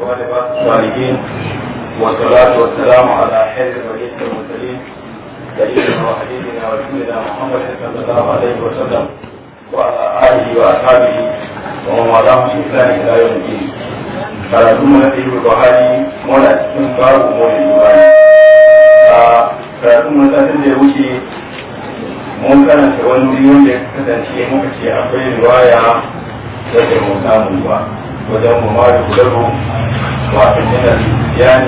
ولباس الصالحين والصلاة والسلام على خير بقية المرسلين سيدنا وحبيبنا ورسولنا محمد صلى الله عليه وسلم وعلى آله وأصحابه ومن والاهم بإحسان إلى يوم الدين karatun na ɗaya buhari wanda cikin babu mori imani a karatun na satin da ya mun karanta wani wanda ya kasance muka ce akwai riwaya da ke mun samu ba ودوم ما يقدر واحد من الاتيان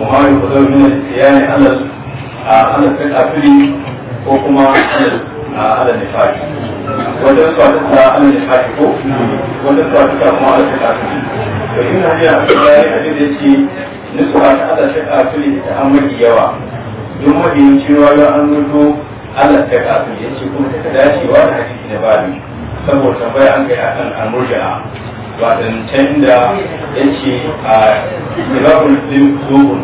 وما يقدر من الاتيان على على الأكل وكما على النفاق wajen ko kuma to a da ce ta an da hadisi na saboda wadancan da ya ce a ilahun lim kubun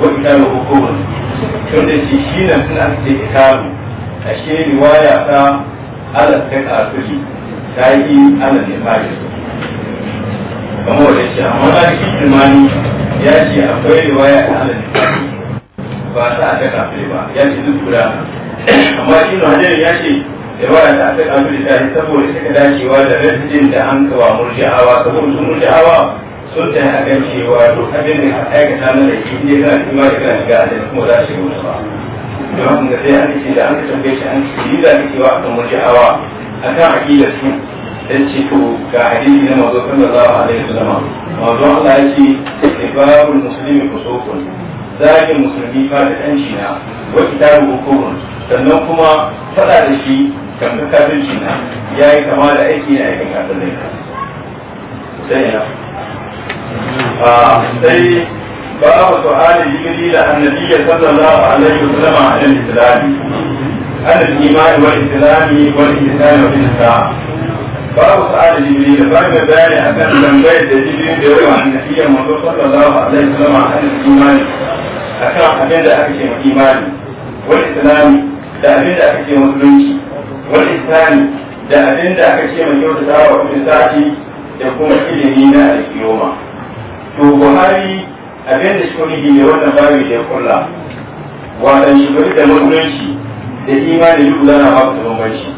wa ikalu hukubun tun da ce shi nan tun aka ce ikalu a shi riwaya ta ala ta kasuli ta yi ala ne fari kamar wadda ce amma na shi imani ya ce akwai riwaya ta ala ne fari ba ta a ta kasuli ba ya ce duk guda amma shi na hajjari ya ce da ta ta kalu da shi saboda take dacewa da rajin da an kawa murji'awa saboda su murji'awa sun ta akan cewa duk abin da aka aikata na laifi ne kana kuma da kana shiga a kuma za shi wuce ba don haka da sai an ce da an ka tambaye shi an ce ni da kake wa kan murji'awa akan aqidar su dan ce to ga hadisi na mazo sallallahu alaihi wasallam mazo Allah ya ce ibabul muslimi kusukun zagin musulmi fa da danci na wa kitabu hukumun sannan kuma faɗa da shi karɓi kafin shi na ya yi kama da aiki na aikin kafin ne sai ya ba a wasu halin yi gari da annabiyar sallallahu alaihi wa sallama a ɗan islami ana imani wa islami wa islami wa islam ba a wasu halin yi gari bayani a kan zangayar da yi gari da yawa annabiyar masu sallallahu alaihi wa sallama a ɗan imani a kan abin aka ce wa imani wa islami da abin aka ce wa musulunci wani sani da abin da aka ce mai kyautata wa kudin sati da kuma ilimi na alkiyoma to buhari abin da shi ne wannan babu da ya kulla wadan shugari da mutunci da imani duk zana babu da bambanci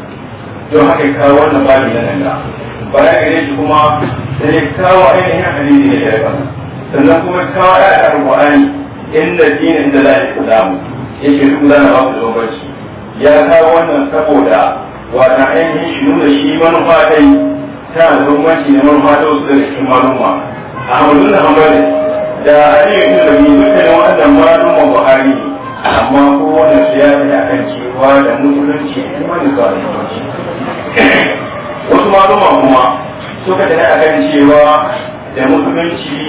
don haka kawo wannan babu na nan da baya gare shi kuma da ya kawo ainihin hadisi da ya sannan kuma kawo ya da alƙur'ani inda dinin da la islamu yake duk zana babu da bambanci ya kawo wannan saboda wata ainihin shi nuna shi manufa dai ta da bambanci da manufa da wasu daga cikin manufa a hamadun da hamadun da aliyu da rabi mutane wannan ma buhari amma ko su ya fi kan cewa da musulunci kuma da zalunci wasu manufa kuma suka a kan cewa da musulunci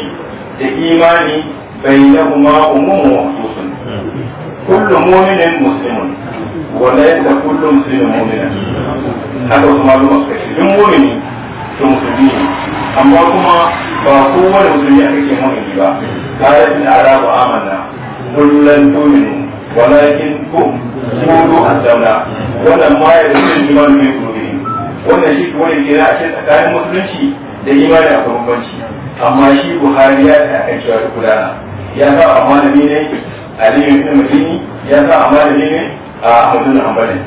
da imani bai na kuma umumu wa kullu mu'minin muslimun wala yadda kullu muslimin mu'minin haka wasu maluma suka ce duk mu'mini to musulmi ne amma kuma ba kowane musulmi ake ce mu'mini ba ayat al-arabu amanna kullan tu'minu walakin kum kudu aslamna wannan ma ya dace da imanu mai kurubi wannan shi kuma ne a cikin tsakanin musulunci da imani a amma shi buhari ya ta akan cewa da kudana ya sa amma da ni ne aliyu ibn madini ya sa a malami ne a ahmadu na hanbali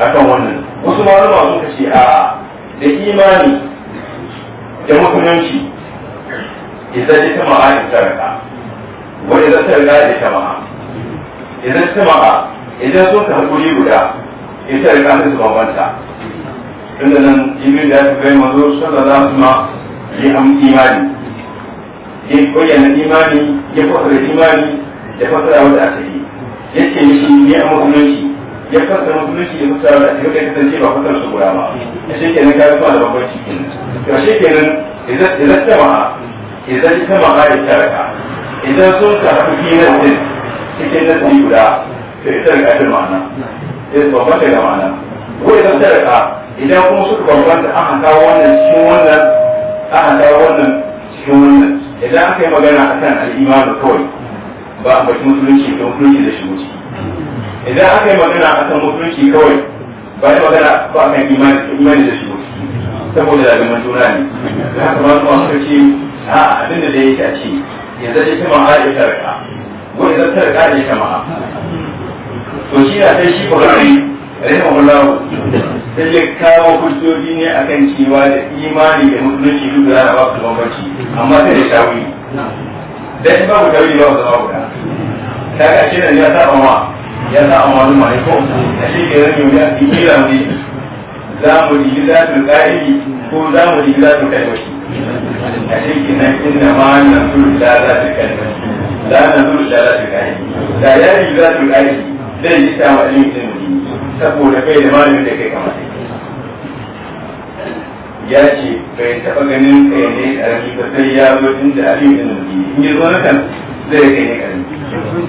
akan wannan wasu malama sun ce a da imani da mutunci idan ta ma'a in sarka wani idan sarka da ita ma'a idan ta ma'a idan sun ta hakuri guda ya ta sai su bambanta tunda nan jibril da ya kai manzo za su ma yi am imani ya koyana imani ya fara imani ya fassara wanda aka yi ya ce mishi ne a musulunci ya fassara musulunci ya fassara wanda aka yi ya kasance ba fassara su guda ba a shi kenan ka zuwa da cikin. ya shi kenan idan jama'a idan jama'a ya taraka idan sun karɓi hirar din cikin nasi guda ta ita da kafin ma'ana ya ta da ma'ana ko idan taraka idan kuma suka bambanta aka kawo wannan cikin wannan aka kawo wannan cikin wannan idan aka yi magana a kan al'ima da kawai ba a baki musulunci da musulunci da shigo ciki idan aka yi magana a kan musulunci kawai ba yi magana ba a kan imani da shigo ciki saboda zalimin juna ne da haka ba kuma suka ce a abinda da yake a ce yanzu ita ma'a ya tarka wani zan tarka da ita ma'a to shi na sai shi kurari rahimahullahu sai ya kawo hujjoji ne a kan cewa da imani da musulunci duk da ba su bambanci amma sai da shawili da in babu dauri ba zama guda ta ga ce ya saba ma ya saba ma wani mai ko a shi ke zan yau a cikin rauni za mu yi za mu ƙa'idi ko za mu yi za mu kai ba a shi ke nan inda ma na zuru da za su kai da na zuru da za su kai da ya yi za su kai zai yi ma ɗin ɗin saboda kai da malamin da kai kamata ya ce bai taɓa ganin kai ne ƙarami ba sai ya zo inda aliyu da nabi in ya zo na kan zai kai ne ƙarfi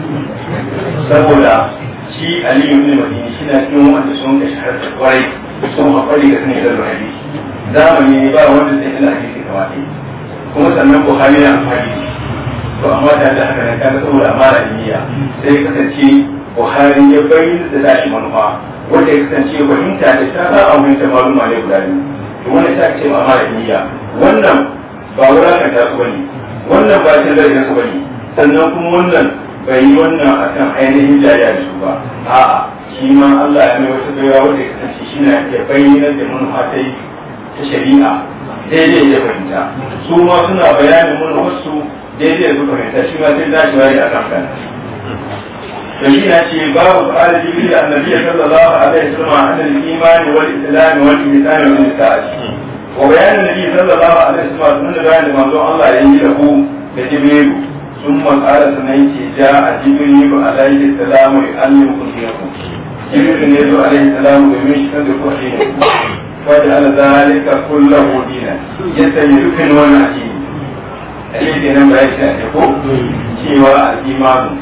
saboda shi aliyu da nabi shi na cikin wanda sun ka shahar da kwarai sun haƙari ga kan yadda rahabi zamani ne ba wanda zai ina hadisi kamar ɗaya kuma sannan buhari na amfani to amma ta da haka na kaga saboda amara niyya sai kasance buhari ya bayyana da tashi manufa wanda ya kasance fahimta da ta ba a wurin ta maluma ne guda biyu wani ta ce ma mara niyya wannan ba wulakanta ta bane wannan ba cin zarafin su bane sannan kuma wannan bai yi wannan akan ainihin jariya da su ba a'a shi ma Allah ya mai wata baiwa wanda ya kasance shi na iya bayyana da manufa ta yi ta shari'a daidai ya fahimta su ma suna bayanin su daidai da fahimta shi ma sai dacewa ya akan kan فمن شيء باب قال جبريل النبي صلى الله عليه وسلم عن الايمان والاسلام والاحسان والاسعاد وبيان النبي صلى الله عليه وسلم سنة بيان منذ الله يجيله لجبريل ثم قال سنيتي جاء جبريل عليه السلام يعلمكم دينكم جبريل عليه السلام يمشي صدق دينكم وجعل ذلك كله دينا يستجيب من وانا دين الذي نمر عليه cewa al'imanu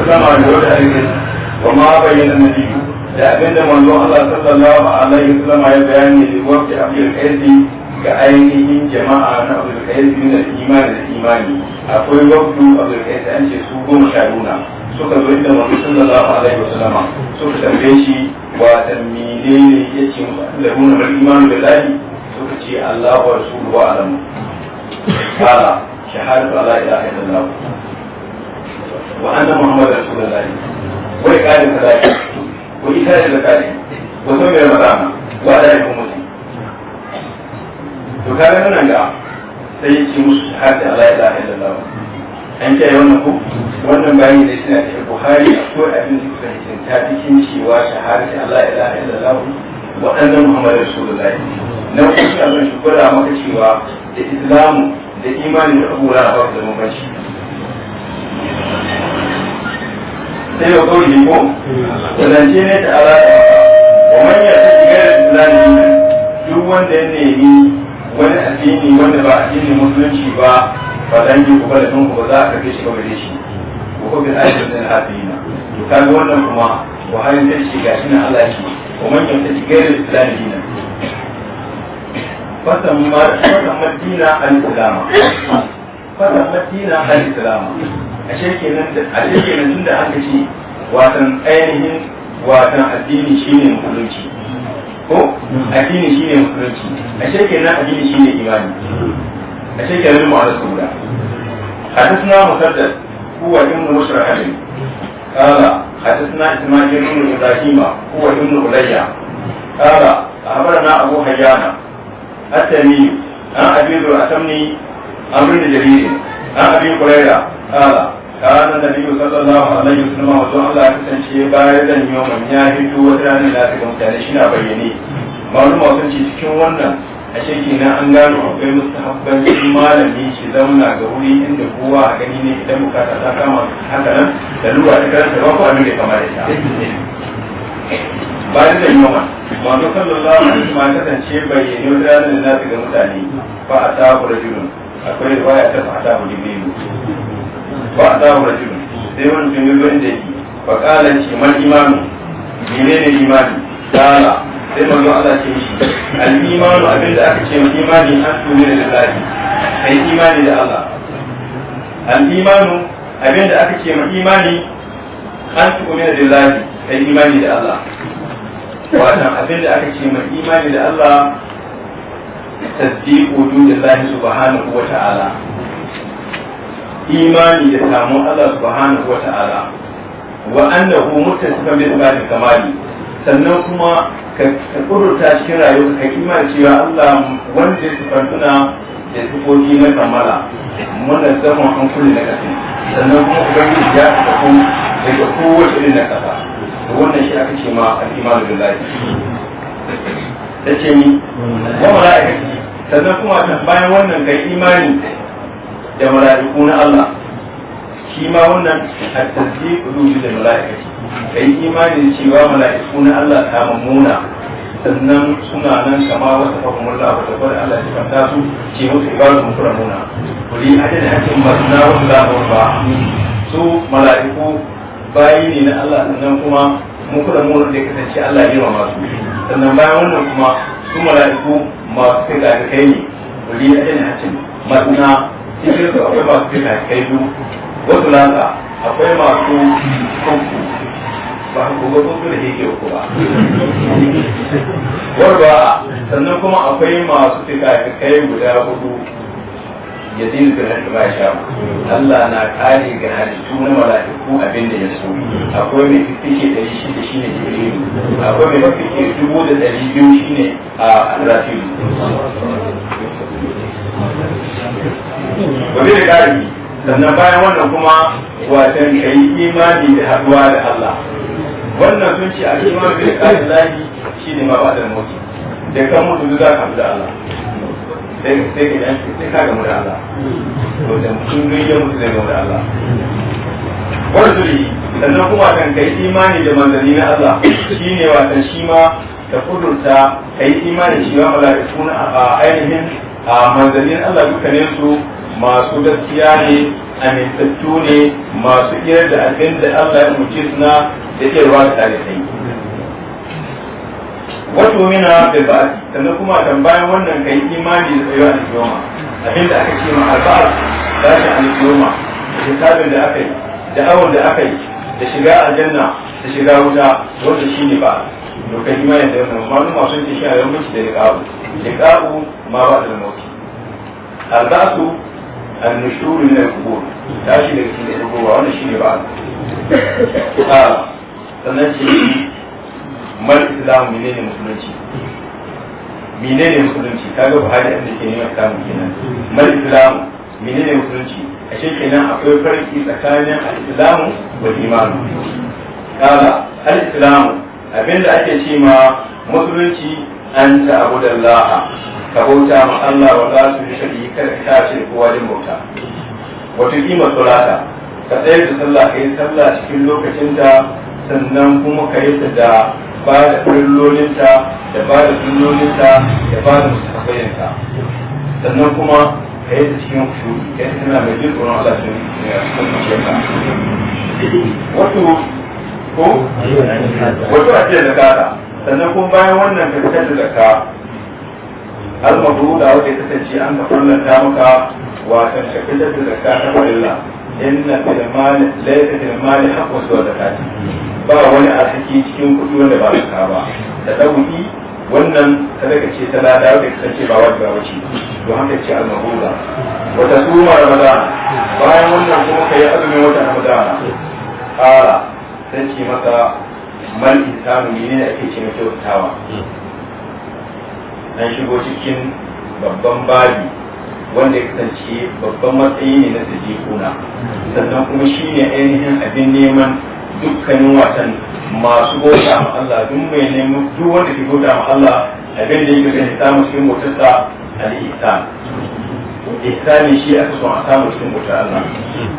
dole aikin wa ma bayyana da abin da manzo Allah sallallahu alaihi wasallam ya bayani da abin ga ainihin jama'a na abin na imani da imani akwai wafi abin kaidi an ce su goma sha nuna suka zo inda manzo sallallahu alaihi wasallam suka tambaye shi wa ne da nuna imani da lahi suka ce Allah wa alamu ilaha illallah وأن محمد رسول الله وإقام الصلاة وإيتاء الزكاة وصوم رمضان وأداء الخمس to kaga nan ga sai ya musu shahada la ilaha illallah an kiyaye wannan ku wannan bayani ne suna cikin buhari akwai abin da kuka ta cikin cewa shahada la ilaha illallah wa anna muhammad rasulullahi na wasu abin shi kula maka cewa da islamu da imani da abubuwa ba da mabanci sai wa kawai da zance ne ta alaƙa ta shiga da duk wanda ya nemi wani addini wanda ba addinin musulunci ba ba dan yi kuma ba za a karfe shi shi bin to wannan kuma ga shi na Allah shi ta shiga da dina fasamma al fara islam a shekenan da a tun da aka ci watan ainihin watan addini shine musulunci ko addini shine musulunci a shekenan addini shine imani a shekenan mu ala sura حدثنا مسدد هو ابن بشر حلمي قال حدثنا اسماعيل بن ابراهيم هو ابن عليا قال اخبرنا ابو حيان التميمي عن ابي الاسمني عمرو بن جرير عن ابي هريره قال كان النبي صلى الله عليه allah وجعل الله kasance bayan da yau ya fito wata rana da ta mutane shi na bayyane maluma sun ce cikin wannan a cikin na an gano akwai mustahabbancin malami shi zauna ga wuri inda kowa a gani ne idan bukata ta kama haka nan da lura ta karanta ba ko abin da kama da ita bayan da yawa manzo sallallahu alaihi ma kasance bayyane wata rana da na fi ga mutane ba a ta rajulun akwai riwaya ta fata mu jibrilu ba ta mu rajulu sai wani mutum ya zo inda yake fa qala ce man imanu menene imani qala sai manzo Allah ce shi al imanu abin da aka ce mu imani an tumina da lahi kai imani da Allah al imanu abin da aka ce mu imani an tumina da lahi kai imani da Allah wannan abin da aka ce mu imani da Allah tasdiqu wujudillahi subhanahu wa ta'ala imani da samun Allah subhanahu wa ta'ala wa annahu mutasifan bi sifati kamali sannan kuma ka kurta cikin rayuwa ka imani cewa Allah wanda ya sifantuna da sifofi na kamala muna zaman an kulle na kasa sannan kuma ku ubangiji ya tafi daga kowace irin na kasa wannan shi aka ce ma al-imanu billahi ta ce ni wa mala'ikati sannan kuma bayan wannan kai imani da mala'iku na Allah shi ma wannan a tasdiq ruhi da mala'ikati kai imani cewa mala'iku na Allah ta mamuna sannan suna nan kama wata hukumar da abu tabbar Allah ta kanta su ce musu ibadu mutu ramuna kuli adana hakin masna wasu labar ba su mala'iku bayi ne na Allah sannan kuma kula mu da shi Allah ya yi su sannan bayan wannan kuma su mala'iku masu kai ga kai ne wuri ya jin hacin matna cikin su akwai masu kai ga kai du wasu lanka akwai masu kanku ba ku ga kanku da yake ku ba warwa sannan kuma akwai masu kai da kai guda hudu ya dinu da haka ba Allah na kare ga halittu na mala'iku abin da ya so akwai mai ɗari shida shine jibrilu akwai mai dubu da ɗari biyu shine a rafilu ba zai kare sannan bayan wannan kuma watan ka yi imani da haɗuwa da Allah wannan sun ce a imani da ma mutu za ka Allah sai sai ke dan sai ka ga muda Allah to da mutum duk ya mutu zai muda Allah warzuri sannan kuma kan kai imani da manzanni na Allah shine watan shi ma da kudurta kai imani shi ma mala'iku a ainihin a manzannin Allah dukkanin su masu gaskiya ne amintattu ne masu kira da abin da Allah ya mutu suna da irwa da tare wato mina bil ba'd sannan kuma tambayan wannan kai imani da tsayuwa da yoma abinda aka ce ma al-ba'd tashi an yoma hisabin da aka yi da awon da aka yi da shiga aljanna da shiga wuta wanda shine ba to kai imani da wannan malum masu ce shi a yau da liqa'u liqa'u ma ba da mauti al-ba'd an nushuru min al-qubur tashi da cikin rubuwa wannan shine ba a ah, sannan ce mal islam menene musulunci menene musulunci kaga ba hali an da ke neman kamun kenan mal islam menene musulunci ashe kenan akwai farki tsakanin al-islam wa iman kala al-islam abinda ake ce ma musulunci an ta abu da laha ka bauta ma Allah wa za su shari kada ka ce kowa din bauta wato kima salata ka tsayar da sallah kai sallah cikin lokacinta sannan kuma ka yi da ba da kullolinta da ba da kullolinta da ba da mustafayyanta sannan kuma ka yi ta cikin kushuri ya ta tana mai jin tsoron Allah cikin ka wato ko wato a ce da kada sannan kuma bayan wannan ka fitar da zakka almabru da wata ta ce an ka farlanta maka wa ka fitar da zakka ta farilla inna fil mali laysa fil mali haqqun wa zakati ba wani a cikin cikin kuɗi wanda ba su ba da ɗauki wannan sadaka ce ta lada da kasance ba wajiba ba ce don haka ce al-mahura wata suma ramadana bayan wannan kuma kai azumi wata ramadana ƙara sai ce masa mal insanu ne ne ake ce mai kyautatawa an shigo cikin babban babi wanda ya kasance babban matsayi ne na sajikuna sannan kuma shi ne ainihin abin neman dukkanin watan masu bauta ma Allah duk mai nemi duk wanda ke bauta ma Allah abin da yake gani samu cikin motarsa al-ihsan ihsani shi aka so a samu cikin motar Allah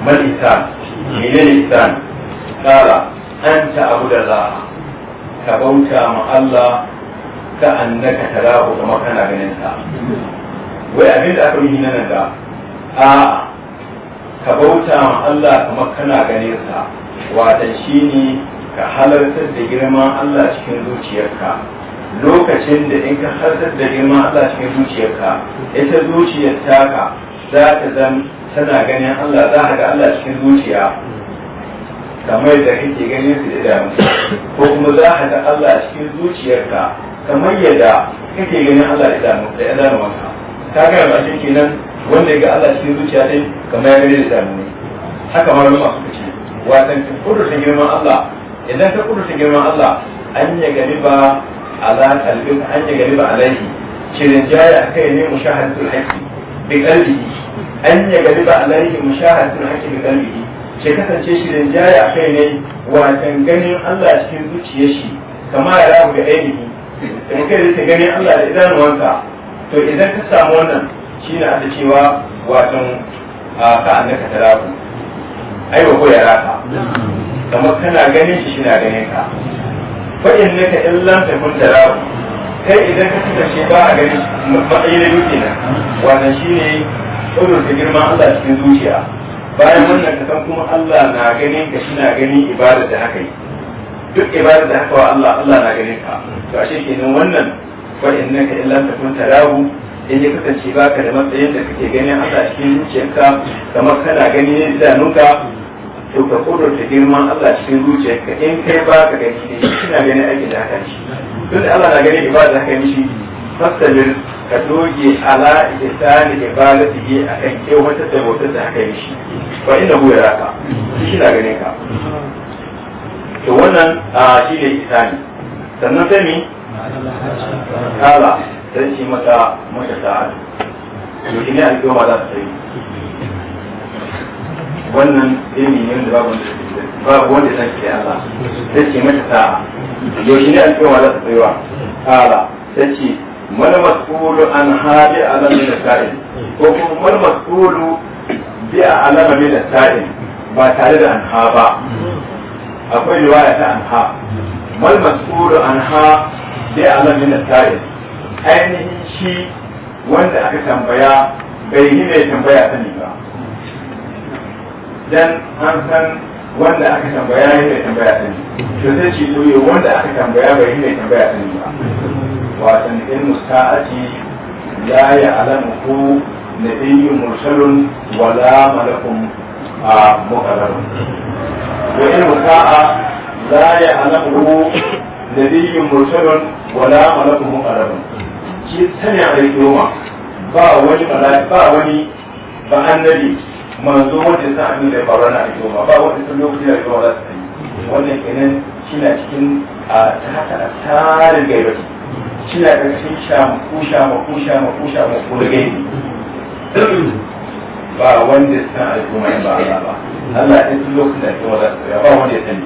mal ihsan menene ihsan kala anta abu da za ka bauta ma Allah ka annaka tarahu kamar kana ganin sa wai abin da aka yi nan da a ka bauta ma Allah kamar kana ganin sa shi ne ka halartar da girman Allah cikin zuciyarka lokacin da in ka halartar da girman Allah cikin zuciyarka ita zuciyar taka za ta zan tana ganin Allah za ka ga Allah cikin zuciya kamar da kake ganin su da ko kuma za ka ga Allah cikin zuciyarka kamar yadda kake ganin Allah da idanu da idanuwanka ka ga ba shi kenan wanda ga Allah cikin zuciya din kamar ya gani da ne haka ma ruwa suka ce watan kudurta girman Allah idan ka kudurta girman Allah an yi ya gariba ala kalbin an ya gariba alaihi cirin jaya kai ne mushahadatul haqqi bi qalbihi an yi ya gariba alaihi mushahadatul haqqi bi qalbihi ce kasance cirin jaya kai ne watan ganin Allah cikin zuciya shi kama ya rabu da ainihi da kai da ta ganin Allah da idanuwanka to idan ka samu wannan shi ne aka cewa watan ka annaka tarabu ai ba koya raka kamar kana ganin shi shina ganin ka fa'in naka illan ta kun tarahu kai idan ka kasance ba a ganin matsayi na yuki nan wannan shine tsoron ta girma Allah cikin zuciya bayan wannan ka san kuma Allah na ganin ka shi na ganin ibadar da haka yi duk ibadar da haka wa Allah Allah na ganin ka to ashe kenan wannan fa innaka illa takun tarahu in ya kasance baka da matsayin da kake ganin Allah cikin zuciyarka kamar kana ganin idanunka to ka ta girman Allah cikin ka in kai ba ka gani ne ina ganin ake da aka shi tun Allah na gani ibada aka mishi fasalin ka doge ala da ibadatihi da kewata da ke a kan wata da aka yi ba inda inna hu yaraka shi na ganin ka to wannan a shi ne ihsani sannan sai mi kala sai shi mata mata sa'a to shi ne alƙawma da ta sai wannan ilimi ne da babu babu wanda san ke Allah sai ce mata ta yaushe ne wa za ta tsayuwa ala sai ce mana mas'ulu an hadi alam da ta'in ko kuma mana mas'ulu bi alam da ta'in ba tare da anha ba akwai riwaya ta anha mal mas'ulu anha bi alam da ta'in ainihin shi wanda aka tambaya bai yi mai tambaya sani ba dan an san wanda aka tambaya ya yi tambaya sani to sai ce doye wanda aka tambaya bai yi tambaya sani ba watan ilmu sa'ati la ya alamu ku nabiyyun mursalun wala malakun a mukarrarun wa ilmu sa'a la ya alamu ku nabiyyun mursalun wala malakun mukarrarun shi sani a ba wani ba wani ba annabi manzo wanda ya san abin da ya faru na al'umma ba wanda sun lokaci da al'umma za su yi wannan kenan shina cikin a ta haka a tsarin gaibati shina ƙarshen shamaku shamaku shamaku ko da gaibi ba wanda ya san al'umma ba Allah ba Allah ya san lokacin da al'umma za su yi ba wanda ya sani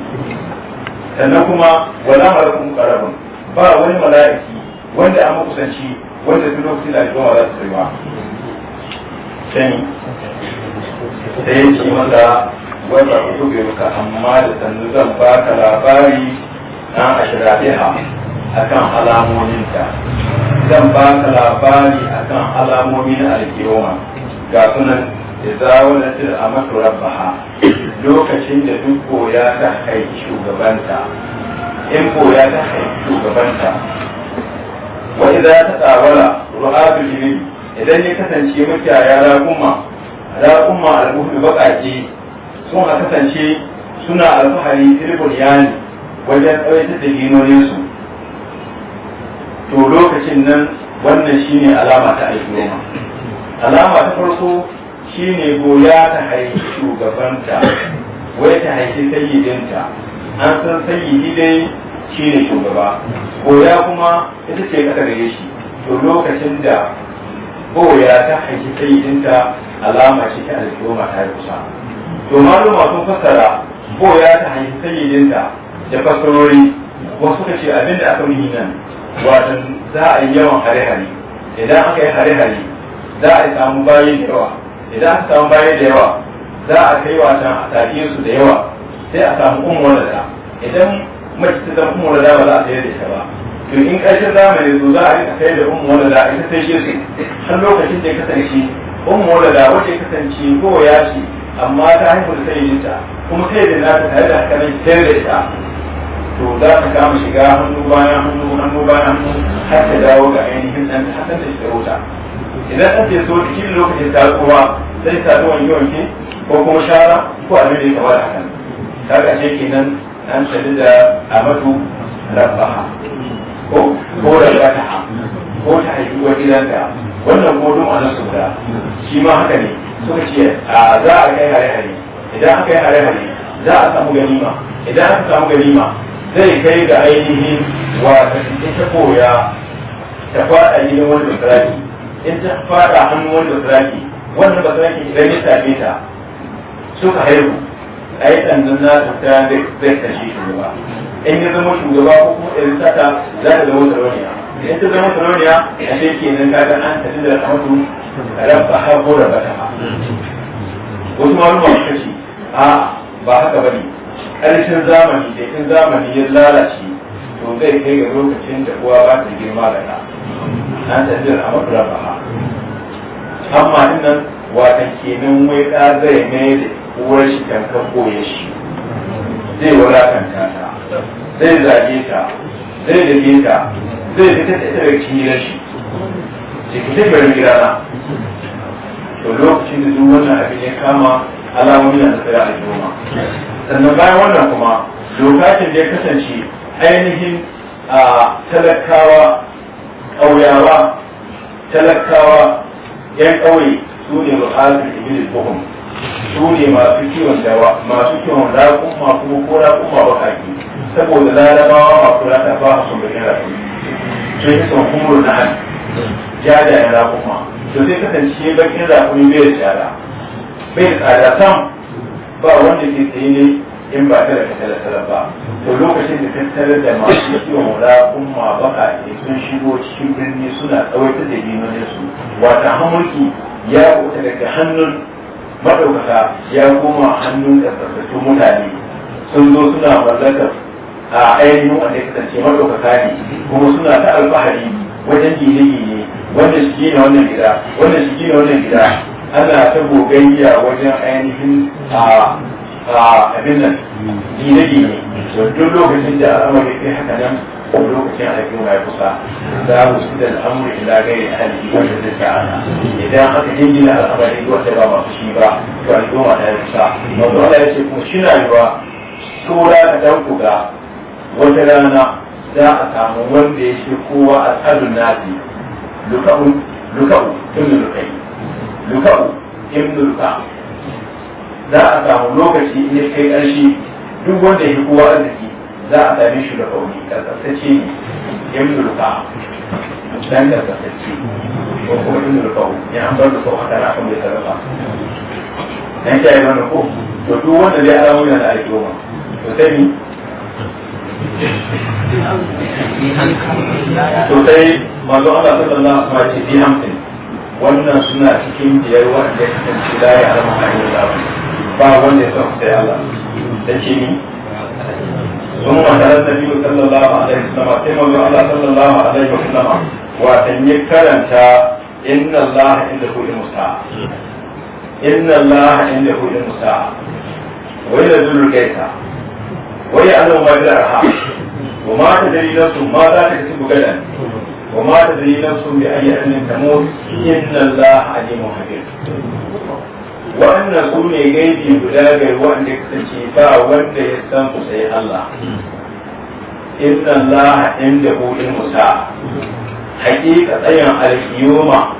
sannan kuma wala malakun qarabun ba wani mala'iki wanda an kusanci wanda sun lokaci da al'umma za su yi ba sani da ya ce masa wata kudu bai amma da sannu zan baka labari na ashirafiha akan alamominta zan baka labari akan alamomin alkiyoma ga sunan idza walatil amatu ha. lokacin da duk koya ta kai shugabanta in koya ta kai shugabanta wa idza ta tsawala ru'atu ru'atul idan ya kasance mutaya raguma raƙumma al'ubu baƙaƙe sun a kasance suna alfahari tribun yani wajen ɗaukar da ginoninsu to lokacin nan wannan shine alama ta al'umma alama ta farko shine goya ta haifi shugabanta wai ta haifi sayyidinta an san sayyidi dai shine shugaba goya kuma ita ce kasa gare shi to lokacin da goya ta haifi sayyidinta alama ce ta alƙiyoma ta yi kusa to maluma sun fassara ya ta hanyar sayyidinta da fassarori ko suka ce abin da aka nuhi nan wato za a yi yawan hare-hare idan aka yi hare-hare za a samu bayi da yawa idan aka samu bayi da yawa za a kai watan a tafiye su da yawa sai a samu umar da idan mace ta zama kuma da ba za a sayar da ita ba to in ƙarshen zamani zo za a yi kai da umu wanda za a yi ta sai su har lokacin da ya kasance ummu da wace kasance ko ya ce amma ta haihu da sayyidinta kuma sai da na ta tare da hakanan sai da ita to za ta kama shiga hannu bayan hannu hannu bayan hannu har ta dawo ga ainihin ta har ta shiga wuta idan ta ce so cikin lokacin ta kowa sai ta zo wani wanke ko kuma shara ko abin da ya kama da hakan ta ga ce kenan an tare da amadu rabba ko ko rabbaha ko ta haifi wani gidanta wannan ko don wannan saboda shi ma haka ne suka ce za a kai hare-hare idan aka yi hare-hare za a samu ganima idan aka samu ganima zai kai ga ainihin wa ta ta koya ta fada ne wani basiraki in ta fada hannu wani basiraki wannan basiraki idan ya same ta suka haihu a yi ɗanɗan na ta zai kashe shugaba in ya zama shugaba ko kuma irin sata za ta zama sarauniya in ta zama sarauniya a ce ke nan gaga an tafi da rahmatu rabba ha ko rabba ta wasu maluma suka ce a ba haka ba bane ƙarshen zamani da in zamani ya lalace to zai kai ga lokacin da uwa ba ta girma da ta an tafi da rahmatu rabba ha amma nan, watan kenan wai ɗa zai mai da uwar shi kan ka koya shi zai wulakanta ta zai zage ta zai dage ta zai fita da ita daga cikin gidan shi cikin tebarin gida na to lokacin da duk wannan abin ya kama alamomi na tsaya a sannan bayan wannan kuma lokacin da ya kasance ainihin a talakawa ƙauyawa talakawa 'yan ƙauye su ne buƙatar ibn al su ne masu kiwon dawa masu kiwon rakun ma ko rakun ma bakaki saboda larabawa masu rata ba su bakin rakun sun yi son kumur na hannu jajayen rakun ma to sai kasance bakin rakun bai da tsada bai da tsada sam ba wanda ke tsaye ne in ba ta da kasar ba to lokacin da tattare da masu kiwon rakun ma bakaki sun shigo cikin birni suna tsawaita da ginoninsu wata hamurki ya kuta daga hannun madaukaka ya koma hannun kasassun mutane sun zo suna mallakar a ainihin wanda ya kasance madaukaka ne kuma suna ta alfahari wajen gine-gine wanda shi gina wannan gida wanda shi gina wannan gida ana ta gogayya wajen ainihin a abin nan gine-gine duk lokacin da al'amari kai haka nan lokacin alhakin ya kusa za mu su da al'amuri ila gairi ahli wa da ta'ala idan aka jingina al'amari wanda ba masu shi ba to al'umma ta yi kusa wanda ya ce kuma shi rayuwa tura da dan kuga wata rana za a samu wanda ya ce kowa a tsarin nasi luka'u luka'u za a samu lokaci in ya kai ƙarshe duk wanda ya kowa arziki za a same shi da kauri karkasacce ne ibn rufa dan karkasacce ko kuma ibn rufa ya an bar da sau haka na kan bai sarrafa dan shi ayi mana ko to duk wanda zai alamu yana da alƙiyoma to sai ni to sai manzo Allah sallallahu alaihi wasallam ce bi hamsin wannan suna cikin biyar wanda ya kasance da ya alamu a yau ba wanda ya san sai Allah sai ni sun wata da nabi sallallahu alaihi wasallam sai wa tan yi karanta inna Allah inda hu musa inna Allah inda hu musa wa ila zul kaita wa ya alu ma ha wa ma ta dai da za ka tsibu wa ma ta dai bi ayyukan tamur inna Allah alimu hakim wannan su ne gaibi guda biyar wanda ya kasance ba wanda ya san ku sai Allah inna Allah inda hulun musa hakika tsayin alkiyoma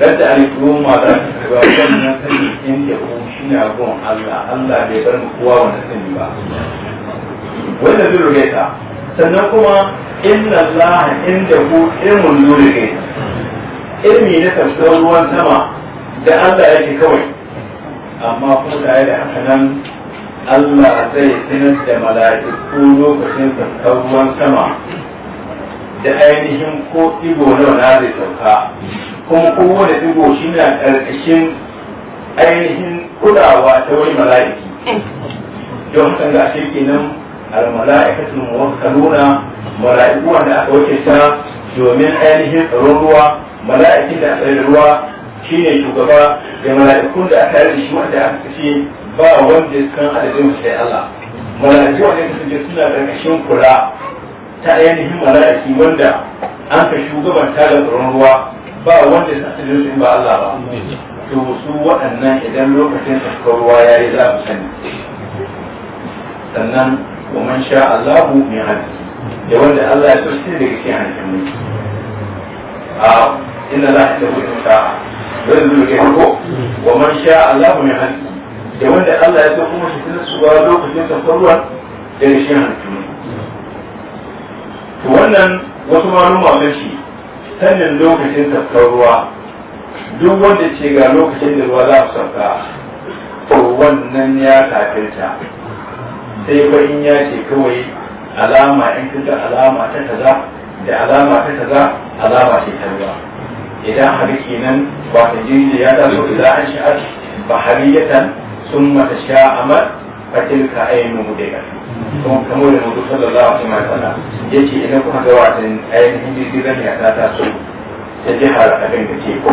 kada alkiyoma za ta karba wannan sani inda ku shi na gon Allah Allah bai bar mu kowa wannan sani ba wanda zai rubuta sannan kuma inna Allah inda hu ilmun nuri ilmi na tafsirin ruwan sama da Allah yake kawai amma kuma tare da haka nan Allah zai sanar da mala'iku lokacin saukar ruwan sama da ainihin ko ɗigo nawa na zai sauka kuma kowa da ɗigo shi na ƙarƙashin ainihin kudawa ta wani mala'iki don haka ga shi nan, al-mala'ikatu muwakkaluna mala'iku wanda aka wuce wakilta domin ainihin tsaron ruwa mala'ikin da aka ruwa shi ne shugaba da mala'ikun da aka yi shi wanda aka ce ba wanda ya san adadin sai Allah mala'iku wanda aka je suna karkashin kula ta ainihin mala'iki wanda an ka shugaban ta da tsoron ruwa ba wanda ya san adadin sai ba Allah ba to su waɗannan idan lokacin da ruwa ya yi za mu sani sannan wa man sha Allahu min hadisi da wanda Allah ya so shi daga cikin hadisin a inna la ilaha illa huwa don zuwa ke ko wa man sha Allah mai halittu da wanda Allah ya so kuma shi tun su ba lokacin tafarwa da shi halittu ne to wannan wasu maluma sun shi sannan lokacin tafarwa duk wanda ce ga lokacin da ruwa za su sauka to wannan ya kafirta sai ba in ya ce kawai alama in kaga alama ta kaza da alama ta kaza alama ce ta ruwa idan hari kenan ba ta jini ya taso idan an sha'ar ba hariyatan sun mata sha'amar ka ainihin mudega kuma kamar da mutu sallallahu alaihi wa sallam ya ce idan kuma ga watan ainihin jirgin zan ya ta taso ta jihar abin da teku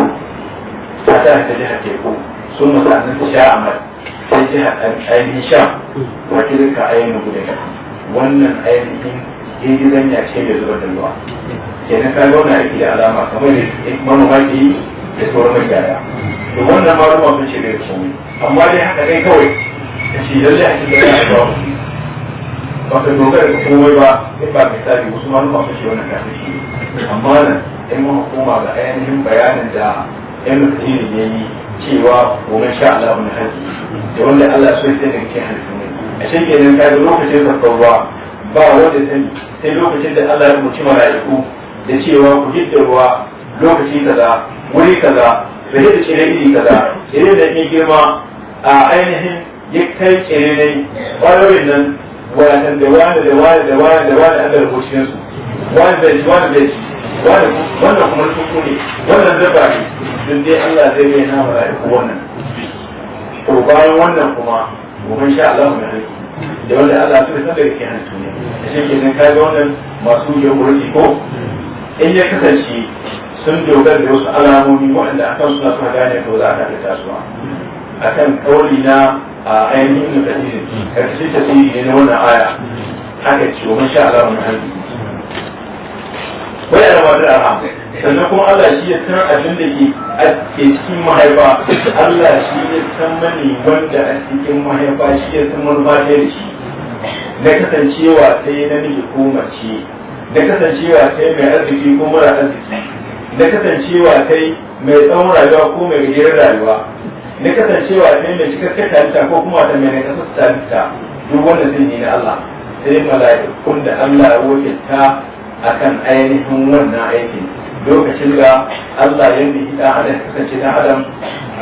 ta ta ta jihar teku sun mata nan ta sha'amar ta jihar ainihin sha fatilka ainihin mudega wannan ainihin girgizan ya ce da zubar da ruwa kenan ka zauna yake da alama kamar manoma ke yi da sauran magyara to wannan ma ruwa sun ce da yake ne amma dai haka kai kawai ka ce a cikin da ya ba ba ka dogara da komai ba in ba misali wasu ma ruwa sun ce wannan ka shi amma nan in mun koma ga ainihin bayanin da yan mutsiri ya yi cewa gobe sha Allah wani hajji da wanda Allah so ya sai da ke ne a shekenan ka ga lokacin da ba wanda sani sai lokacin da Allah ya umarci mala'iku da cewa ku hidda ruwa lokaci kaza wuri kaza da hidda tsire iri kaza tsire da ya girma a ainihin ya kai tsire ne ƙwarorin nan watan da wani da wani da wani da wani an da rubucin su wani bai wani bai wannan kuma tuku ne wannan dabba ne don dai Allah zai bayyana mala'iku wannan to bayan wannan kuma mun sha Allah mu da da wanda Allah su da ke halittu ne shi ke nan wannan masu yawurci ko in ya kasance sun dogara da wasu alamomi waɗanda akan suna suna gane ko za a haɗa tasuwa akan kauli na a ainihin da karshe tasiri ne na wannan aya haka ce wa masha Allah wani halittu wai a rawa da arham sannan kuma Allah shi ya san abin da ke cikin mahaifa Allah shi ya san mani wanda a cikin mahaifa shi ya san manufa da shi na kasancewa sai na miji ko mace na kasancewa sai mai arziki ko mara arziki na kasancewa sai mai tsawon rayuwa ko mai gajeren rayuwa na kasancewa sai mai cikakken talita ko kuma ta mai nakasar talita duk wanda zai ne na Allah sai mala'ikun da Allah ya wakilta akan ainihin wannan aikin lokacin da Allah ya nufi dan adam kasance da adam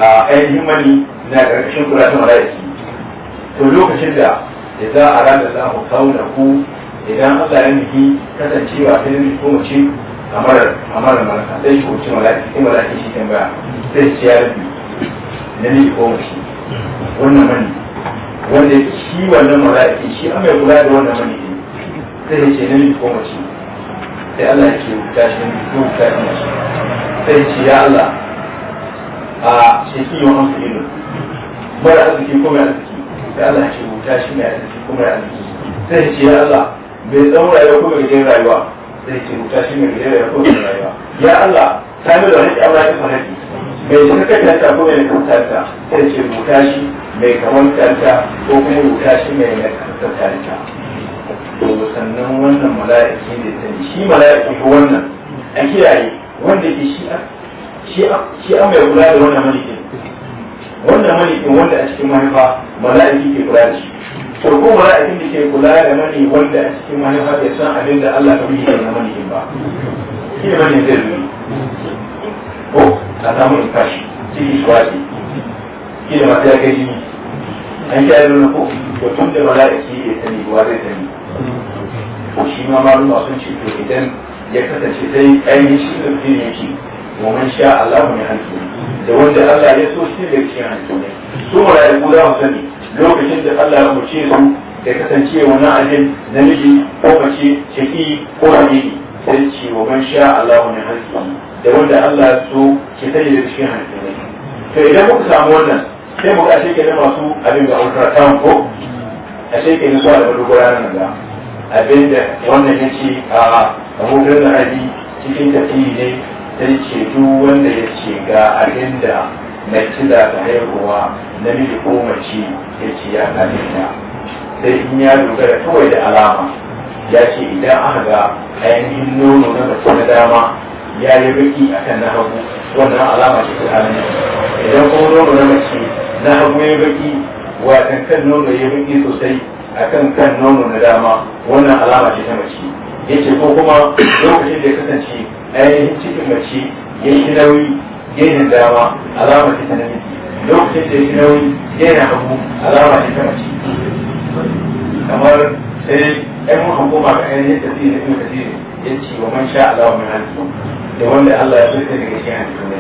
a ainihin mani na karkashin kula ta mala'iki to lokacin da idan za mu kauna ku idan Allah ya nufi kasancewa ta nufi ko mace kamar kamar malaka sai shi ko mala'iki sai mala'iki shi kan baya sai shi ya nufi na ni ko mace wannan mani wanda shi wannan mala'iki shi an mai kula da wannan mani sai ya ce na ni ko mace sai Allah ke gashin rubuta ya masu sai ce ya Allah a sheki yawan amsa ilu mara arziki ko mai arziki sai Allah ke rubuta shi mai arziki ko mai arziki sai ce ya Allah bai tsawon rayuwa ko mai gajeren rayuwa sai ke rubuta shi mai gajen rayuwa ko mai rayuwa ya Allah ta sami da wani kyamara ta fahimci mai shi kanta ko mai nakasanta sai ce rubuta shi mai kamantanta ko kuma rubuta shi mai nakasanta to sannan wannan mala'iki da ta shi mala'iki ko wannan a kiyaye wanda ke shi a shi a mai kula da wannan malikin wannan malikin wanda a cikin mahaifa mala'iki ke kula da shi to ko mala'ikin da ke kula da mani wanda a cikin manufa bai san abin da Allah ka bihi da malikin ba shi ne mani zai zuri ko a samu ifashi cikin shi wace kila ma ta kai jini an sha yaro na ko to tun da mala'iki ya sani ruwa zai sani ko shi ma maluma sun ce to idan ya kasance sai ainihin shi da zai yake domin sha Allah mai hantu da wanda Allah ya so shi da shi hantu ne su mala'iku za mu sani lokacin da Allah ya umarce su da kasance wannan abin namiji ko mace ciki ko hadiri sai ce wa man sha Allah mai hantu da wanda Allah ya so ki sani da cikin hantu ne to idan muka samu wannan sai mu ga shi masu abin da ultra ko a shi ke zuwa da madogara nan da abin da wannan ya ce a abubuwan da rabi cikin tafiye ne sai ce wanda ya ce ga abin da mai cida da haihuwa namiji ko mace ya ce ya ta sai in ya dogara kawai da alama ya ce idan aka ga ainihin nono na mace na dama ya yi riki akan na hagu wannan alama ce ta idan kuma nono na mace na hagu ya baki watan kan nono ya baki sosai a kan nono na dama wannan alama ce ta mace yace ko kuma lokacin da ya kasance ainihin cikin mace ya yi nauyi genin dama alama ce ta namiji lokacin da ya yi nauyi genin hagu alama ce ta mace kamar sai ai muka koma ga ainihin tasiri ibn kasir ya ce wa man sha Allah min halittu da wanda Allah ya furta daga cikin halittu ne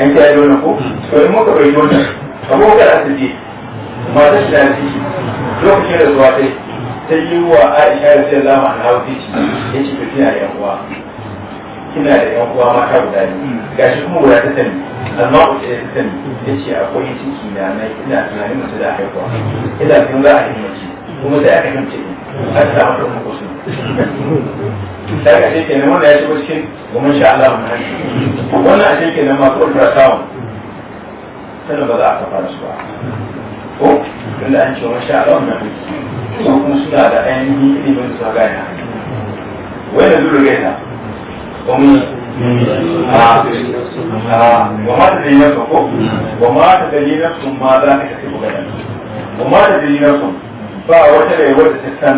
an ta yi wannan ko to in muka bai wannan abubakar asibiti mata shi da fici lokacin da zuwa dai ta yi wa aisha da sai lama na fici ya ce to kina yan uwa kina da yan uwa mata guda ne gashi kuma guda ta sani amma ku ce ta sani ya ce akwai ciki na na ina tunanin mace da haihuwa ina kun za a yi mace kuma sai aka yi ciki har ta haka kuma kusa daga shi kenan wannan ya ba cikin domin sha'ala mun hanci wannan a ke kenan masu ultrasound sanin ba za a kafa su ba ko inda an ce wani sha'ala wannan su kuma suna da ainihin ilimin su ga ya wanda zuru gaita kuma وما تدري نفس وما تدري نفس ماذا تكتب غدا وما تدري نفس فأوتر يود تسن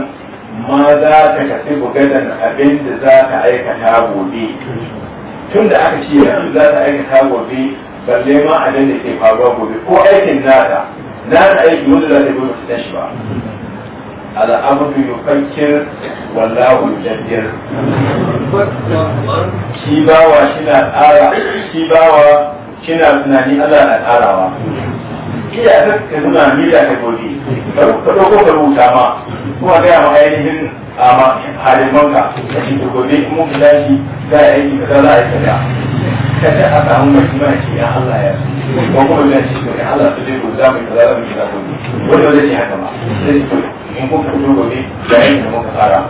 ماذا تكتب غدا abinda ذاك أيك تابو gobe tun da aka ce yanzu za ta aikata gobe balle ma a nan da ke faruwa gobe ko aikin nada na da aiki wanda za ta yi wata tashi ba al'amadu yufakkir wallahu yujaddid shi bawa shina tsara shi bawa shina tunani Allah na tsarawa iya ta ka nuna mila ta gobe ka ɗauko ka rubuta ma kuma gaya ma ainihin a halin manka da shi ta gobe kuma ka tashi za a yi aiki ka za a aiki ta ce a samu mai kuma ce ya Allah ya su ko kuma mai ce shi Allah su je ko za mu za mu kaza ko wanda zai ce haka ba zai ce in kun fito da yayin da muka fara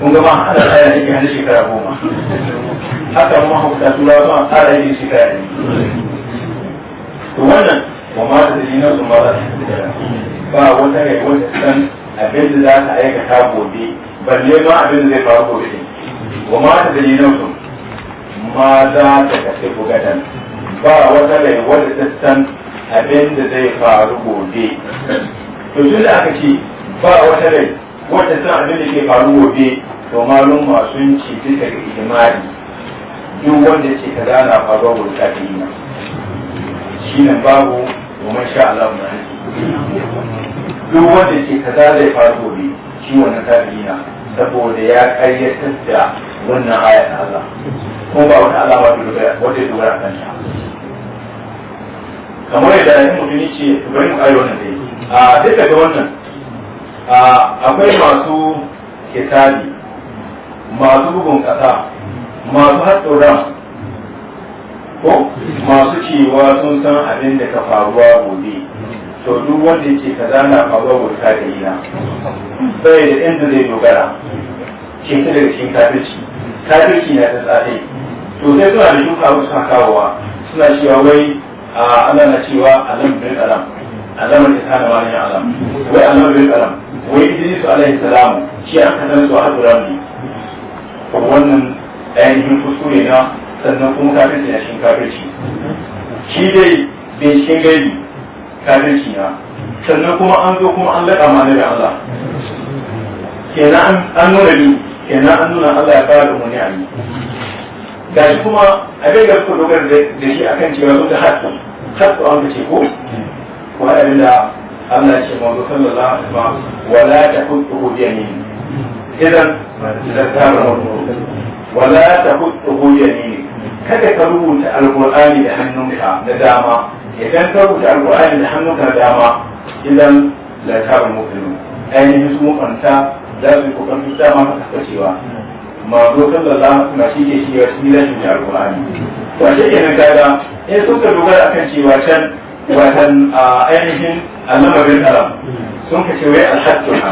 kun ga ba Allah ya yi hannun shekara goma haka mu hausa turawa ba yi to wannan wa ma sun ba ba san abin da za ta gobe balle ma abin da zai faru gobe wa ma sun ma za ta kashe bugadan ba wata mai wadda ta san abin da zai faru gobe to tun da aka ce ba wata mai wadda san abin da ke faru gobe to malum sun ci duka ga ijimari duk wanda ce ka zana faruwa gobe ta yi na shi nan babu domin sha Allah mu duk wanda ce ka zai faru gobe shi wannan ta yi na saboda ya karyatar da wannan ayat Allah kuma ba wani Allah ba duk da wanda ya dogara kan shi kamar yadda in mutum ya ce bari mu ayo wannan dai a duk daga wannan akwai masu kitabi masu bugun kasa masu haɗɗura ko masu cewa sun san abin da ka faruwa gobe to duk wanda yake kaza na faruwa gobe ta da ina bai da inda zai dogara ke ta daga cikin kafirci kafirci na ta tsare. to sai suna da shuka wasu suna kawowa suna cewa wai Allah na cewa alam bin alam alam da ta da alam wai alam bin alam wai Idris alaihi salam shi an kasance su a Qur'ani wannan ainihin kuskure na sannan kuma kafirci na shin kafirci shi dai shi gari kafirci na sannan kuma an zo kuma an laƙa mana da Allah kenan an nuna ni kenan an nuna Allah ya fara da umarni a ga shi kuma abin da suka dogara da shi akan cewa sun da hatsu hatsu an ce ko ko abin da Allah ce ma zo sallallahu alaihi wasallam wala taqutu bi yamin idan da tsara wala taqutu bi yamin kada ka rubuta alqur'ani da hannunka da dama idan ka rubuta alqur'ani da hannunka da dama idan la tabar mu'minu ainihin su mu'manta za su yi kokarin dama ka kasancewa manzo sallallahu alaihi shi ke shi ya shi ya alqur'ani to ashe kenan kaga in sun ka dogara akan cewa can watan ainihin allama bin alam sun ka ce wai alhaqqu ha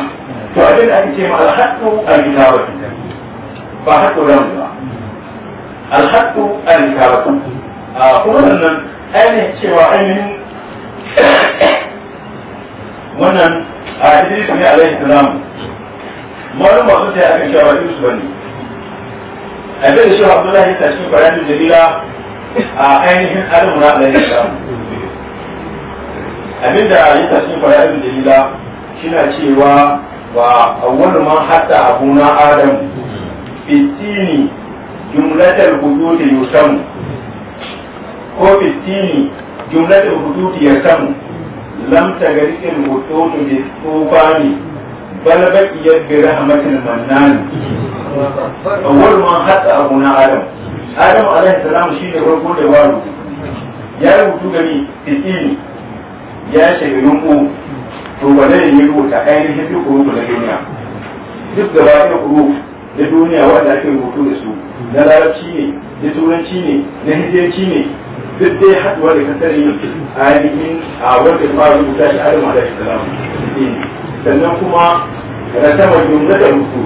to abin da ake ce ma alhaqqu alkitabatu ba haqqu ran ba alhaqqu alkitabatu kuma wannan ainihin cewa ainihin wannan a idris ne alaihi salam malum ba su sai akan cewa bane abin da shehu abdullahi ta cikin bayanin dalila a ainihin adamu na shi salam abin da ya ta cikin bayanin dalila na cewa wa awwal man hatta abuna adam fitini jumlatal hudud yusamu ko fitini jumlatal hudud yasamu lam tagarid al hudud bi tufani bal baqiyat bi rahmatin mannan awwal ma hatta abuna adam adam alaihi salam shi ne farko da waru ya rubutu gani isini ya shiga ku to wanda ne ya rubuta ainihin duk rubutu na duniya duk gaba ɗaya rubutu na duniya wanda ake rubutu da su na larabci ne na turanci ne na hijiyanci ne duk dai haɗuwa da kasar yi ainihin a wanda ba rubuta shi adam alaihi salam isini sannan kuma ratama jumla da ruku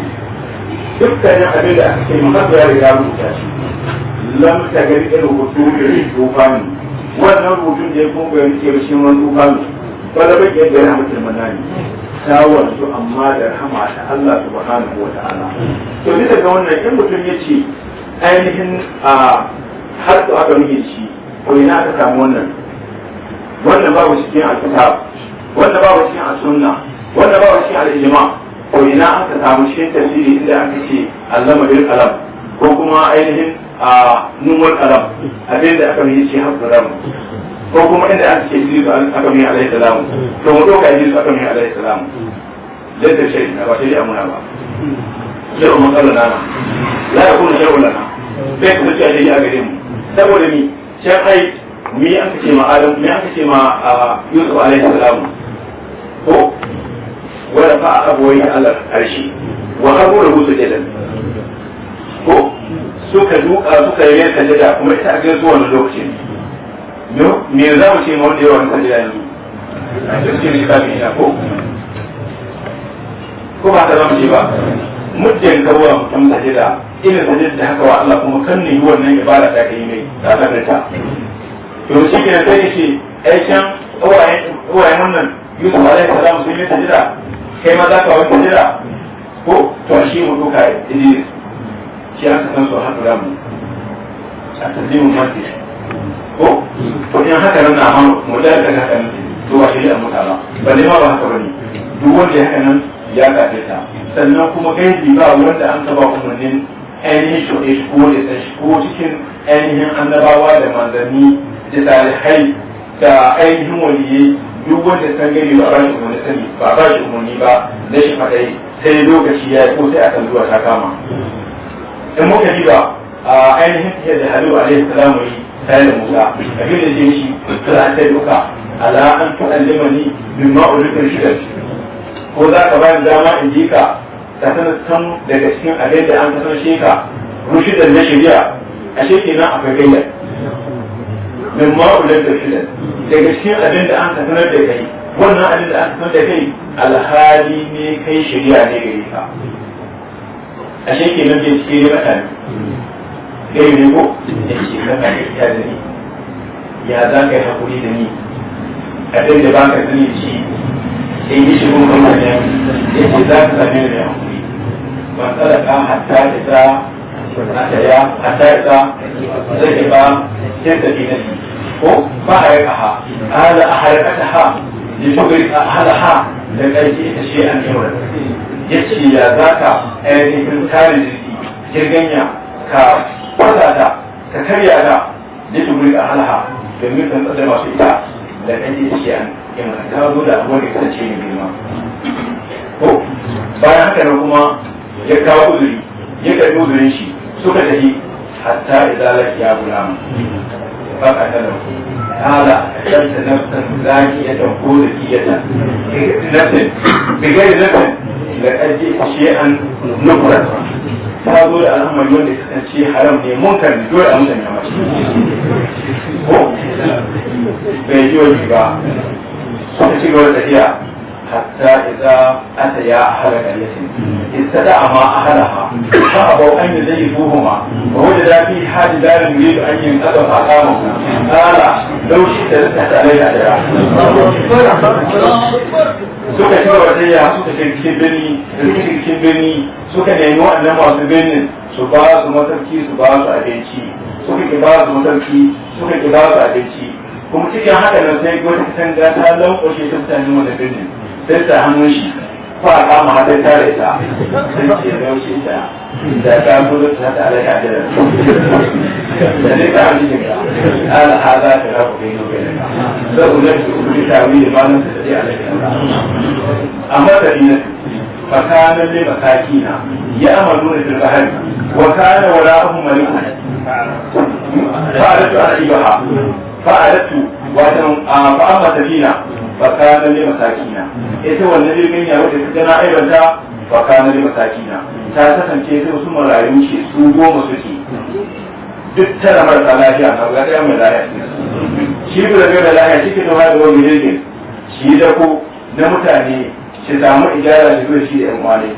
dukkanin abin da aka ce mahaɗa ya riga rubuta shi lam ta gari irin rubutu da yi tufani wannan rubutun da ya kuma bayan ke rashin wani tufani ba da bai yadda ya da manani tawar su amma da rahama ta Allah subhanahu wa ta'ala to ni daga wannan in mutum ya ce ainihin a har su aka nuke shi ko ina aka samu wannan wannan babu cikin alkitab wannan babu cikin sunna wanda ba shi al-ijma ko ina aka samu shi tafsiri inda aka ce allama bil qalam ko kuma ainihin a nuwar qalam abinda aka yi shi hafu ram ko kuma inda aka ce Idris aka yi alaihi salam to mu doka Idris aka yi alaihi salam ladda shi na ba shi amuna ba sai mu kalla nana la yakunu shay'un lana sai ku ce shi a gare mu saboda ni sai ai mi aka ce ma Adam mi aka ce ma Yusuf alaihi salam ko wala fa abawai ala karshe wa qabru sujudan ko suka duka suka yi sajada kuma ita a gaisu wannan yo me za mu ce mu da yawan sajada yanzu a cikin littafin ina ko ko ba ta zama ce ba muddin karuwa mutum sajada irin sajada da haka wa Allah kuma kan ne yi wannan ibada ta kai mai ta sanarta to shi ke sai shi aikin can uwayen wannan Yusuf alaihi salam sun yi sajada kai ma za ka wata jira ko to shi mu duka idris shi an san su haka ramu a taslimin mafi ko to in haka nan na hannu mu da ka haka nan to ba shi da mutala balle ma ba haka bane duk wanda ya haka ya ka ta sannan kuma kai ba wanda an taba umarnin ainihin ne shi ko da shi ko cikin ainihin annabawa da manzanni da salihai da ainihin waliyai duk wanda san gani ba ba shi umarni sani ba ba shi umarni ba na shi fatai sai lokaci ya yi ko sai akan zuwa ta kama in muka diba a ainihin tafiyar da halu alaihi salamu yi tare da musa abin da zai shi sai ta duka ala an tu'allima ni mimma ulukun shidat ko za ka ba dama in ji ka ka san san daga cikin abin da an kasance ka rushidan na shari'a ashe kenan akwai gayyar min ma'ulan da shida daga cikin abin da an ka sanar da kai wannan abin da an ka sanar da kai alhali ne kai shari'a ne gare ka ashe ke nan bai cikin ne mata ne kai ne ko da shi kana da ita da ni ya za ka yi hakuri da ni abin da ba ka sani ci sai yi shi kuma kuma ne ya ce za ka same ni da hakuri ba tsara ka hatta da ta أتيا أتاك ذهب ترتدي فأعرقها هذا أحرقتها لتدرك da لم يجد شيئا يورد يشي يا ذاك ka kwata ta ka karya ta da tuburi a halha domin san tsada masu ita da ɗan jijiya in ka zo da abuwa da kasance mai girma ko bayan haka nan kuma ya kawo uzuri ya karbi uzurin shi suka tafi hatta idza ya gulam baka da lauki kala kanta nafsan zaki ya dauko da kiyata nafsan bigai nafsan da kaji shi'an nufrat ta zo da al'amari wanda ya kasance haram ne munkar ne dole a mutan yawa ko bai yi wani ba ta ci gaba da tafiya حتى إذا أتيا أهل قرية استدعى ما أهلها فأبوا أن يزيفوهما ووجد في حال لا يريد أن ينقذ أقامه قال لو شئت لفتحت علي أجرا suka yi wadayya suka kirki birni suka kirki birni suka nemi wannan masu birnin su ba su matarki su ba su abinci suka ki ba su matarki suka ki ba su abinci kuma cikin haka nan sai gwata katanga ta lankwashe ta mutane wani birnin sai ta hannun shi ko a kama hatar tare ta sun ce yaushe ta da ta gudu ta ta alaƙa da da ne ta hannun ka ala haza ta rafu kai yau kai ka sai ku zai ku yi tawi da malam ta tsaye alaƙa da amma ta dina fakanan dai makaki na ya amadu amalu da tilbahari wa kana wara'ahu malikun fa'alatu a'ibaha fa'adattu wajen fa'amma ka fakana ne na. ita wannan jirgin ya wata ta na aibanta fakana ne na. ta kasance sai wasu marayun ce su goma suke duk tara marasa lafiya na ga ɗaya mai lafiya shi da mai da lafiya shi ke zama da wani jirgin shi da ko na mutane shi samu ijara da zuwa shi da yan wale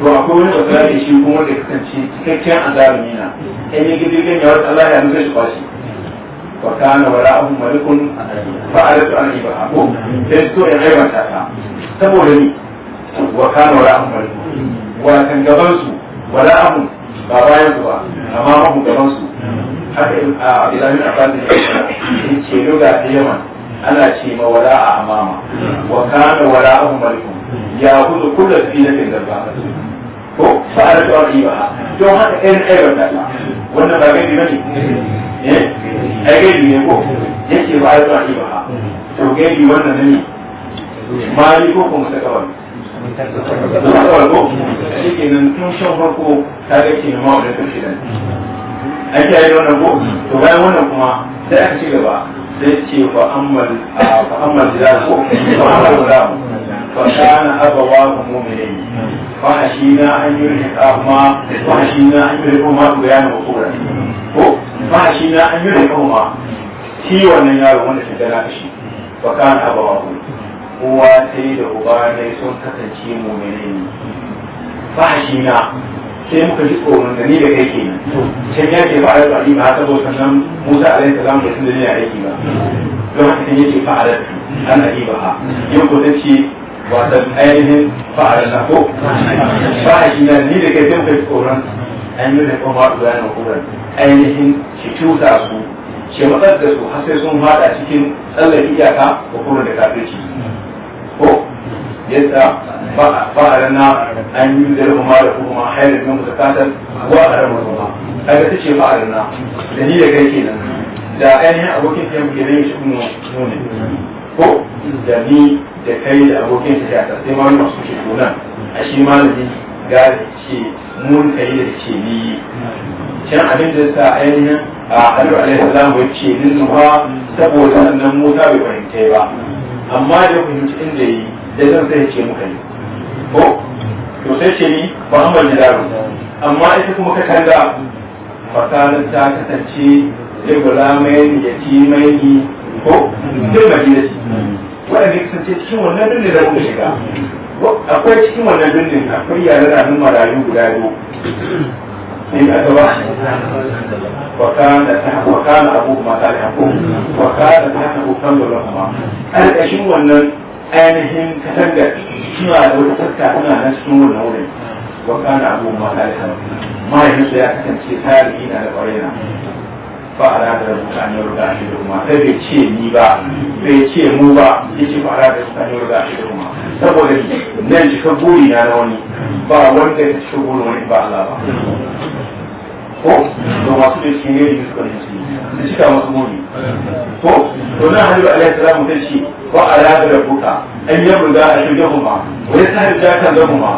to akwai wani basirari shi kuma da kasance cikakken azalumi na ɗan yi gidan ya wata lafiya na zai shi kwashi وكان وراءهم ملك فأردت أن أجيبها لست غير مساكا سبولني وكان وراءهم ملك ولكن جبنسوا وراءهم بارايزوا أمامهم جبنسوا haka in a abdullahi abbas ne ce ruga ta yaman ana ce ma wala a amama wa wala ahum malikum ya hudu kullu sinatin dalba ko fa'alatu aqiba don wannan ba Eh? ai gaibi ne ko yake ba ya zuwa ba to yi wannan ne yi ko kuma ta kawai ta kawai ko shi ke nan tun shan farko ta ga ke ma wadda ta shidan ake yi wannan ko to bayan wannan kuma sai aka ci gaba sai ce ba ammal fa ammal jilal ko fa ammal jilal فكان أبواه مؤمنين فحشينا أن يلحقهما فحشينا أن يلحقهما بيان وصولا فحشينا أن يلحقهما shi wannan yaro wanda ke gana da shi wa kana abawahu uwa sai da uba sai muka ji tsoron da ni da kai kenan can ya ce da tsari ba haka zo sannan musa alaihi salam da sun da ni a aiki ba don haka kan yake fa'alar an aiki ba ha yau ko ta ce Wasan. ainihin fa'ar na ko ba shi nan ni da kai sun tsoron an yi yana kuran ainihin tuta su matsar da su har sai sun cikin tsallar iyaka ko kuma da kafirci ko yadda an yi da kuma hayar da wa a ramar da ni da kai kenan da ainihin abokin shi kuma ko da ni da kai da abokin ta shaka sai ma wannan suke tona a shi malami ga ce mun kai da ce ni can abin da sa ainihin a alu alaihi salam bai ce nin ba saboda nan mota bai fahimta ba amma da fahimci inda yi da zan sai ce muka yi ko to sai ce ni Muhammad ne ba amma ita kuma ka kanga fasalin ta kasance sai gulamai da ni. ko wanda cikin wannan dundun da kuma shiga akwai cikin wannan dundun akwai yare da marayu guda biyu wannan ainihin suna da wata suna nan cikin wannan wurin ma yanzu ya kasance tarihi na da fara da mutane ruga shi da kuma sai bai ce ni ba bai ce mu ba ya ce fara da mutane ruga shi da kuma saboda nan cikin buri na na wani ba wanda ya cikin buri wani ba ala ba ko to masu da shi ne da suka nufi da cika masu buri ko to nan hajji alaihi salamu ta ce ba a rada da buka an yi ruga a shirya kuma wani sahibi ya kan zama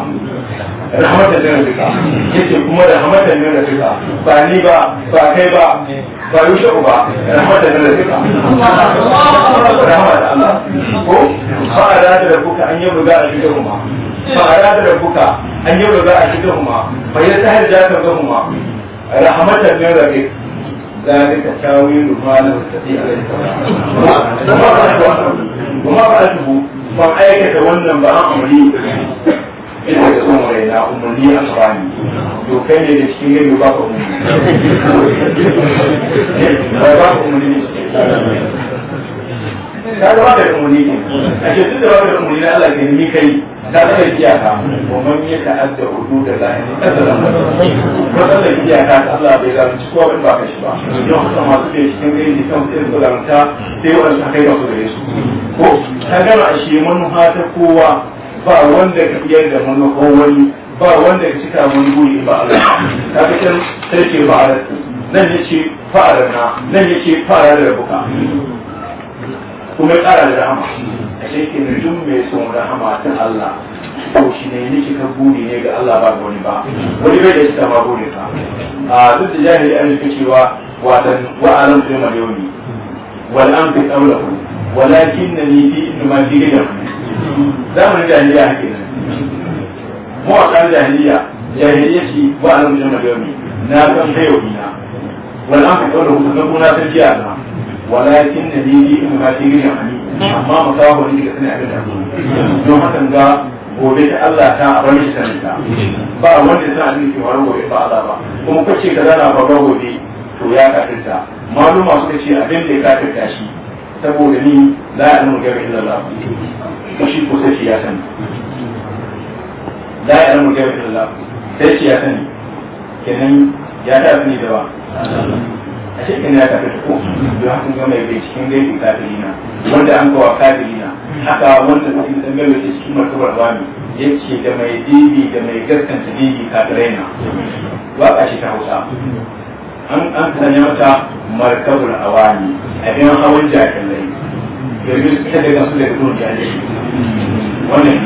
rahmatan da rafika yake kuma rahmatan da rafika ba ni ba ba kai ba ba yi shi ba rahmata da rafika rahmata Allah ko ba a rada da an yi ruga a shiga kuma ba a rada da an yi ruga a shiga kuma ba ya ta hajja ka ga kuma rahmata da rafika ذلك تاويل ما لم تستطيع عليه وما بعده ban aikata wannan ba an amuri ina da son raina umarni a tsabani to kai ne da cikin gari ba ka umarni ba ba ka umarni ne ta zama da umarni ne a ce duk da ba da umarni na Allah ne ni kai ta zama iyaka kuma ya ta'adda hudu da lahi ta zama da iyaka Allah bai zalunci kowa ban baka shi ba don haka masu da cikin gari ne kan sai su zalunta sai wani ta kai ga su gare su ko ta gama shi manufa ta kowa ba wanda ka iya da manufan wani ba wanda ka cika wani guri ba a ta fitar sarki ba a nan ya ce fa'ara na nan ya ce fa'ara da buka kuma ƙara da rahama a ke na duk mai son rahama ta Allah ko shi ne ni ka buri ne ga Allah ba wani ba wani bai da cika ma buri ka a duk da jahili an yi cewa wa dan wa alam sai maliyoni wal an fi tsaulahu walakin na ni fi mu zamanin jahiliya hake nan mawaƙar jahiliya jahiliya shi ba a rubuta majalmi na san kai wa ina wala an fito da hutu na kuna san jiya na walakin na ni fi dumajiriya amma makawa ne ga sani a ga don hakan ga gobe da Allah ta a wani sanin ta ba wanda ya a abin da ke faru gobe ba Allah ba kuma kace ka zana ba gobe to ya kafirta maluma suka ce abin da ya kafirta shi saboda ni la ya alamu gaba illa Allah shi ko sai ya sani la ya alamu gaba illa Allah sai shi ya sani kenan ya ta sani da ba a ce kenan ya tafi ko don haka ga mai bai cikin gaibu kafirina wanda an kawa kafirina haka wanda cikin dangane da cikin martabar bami yace da mai dibi da mai gaskanta dibi kafiraina ba ka shi ta Hausa an an sanya mata markabul awani ɗin hawan jahilai domin su kada su daga gudun jahilai wannan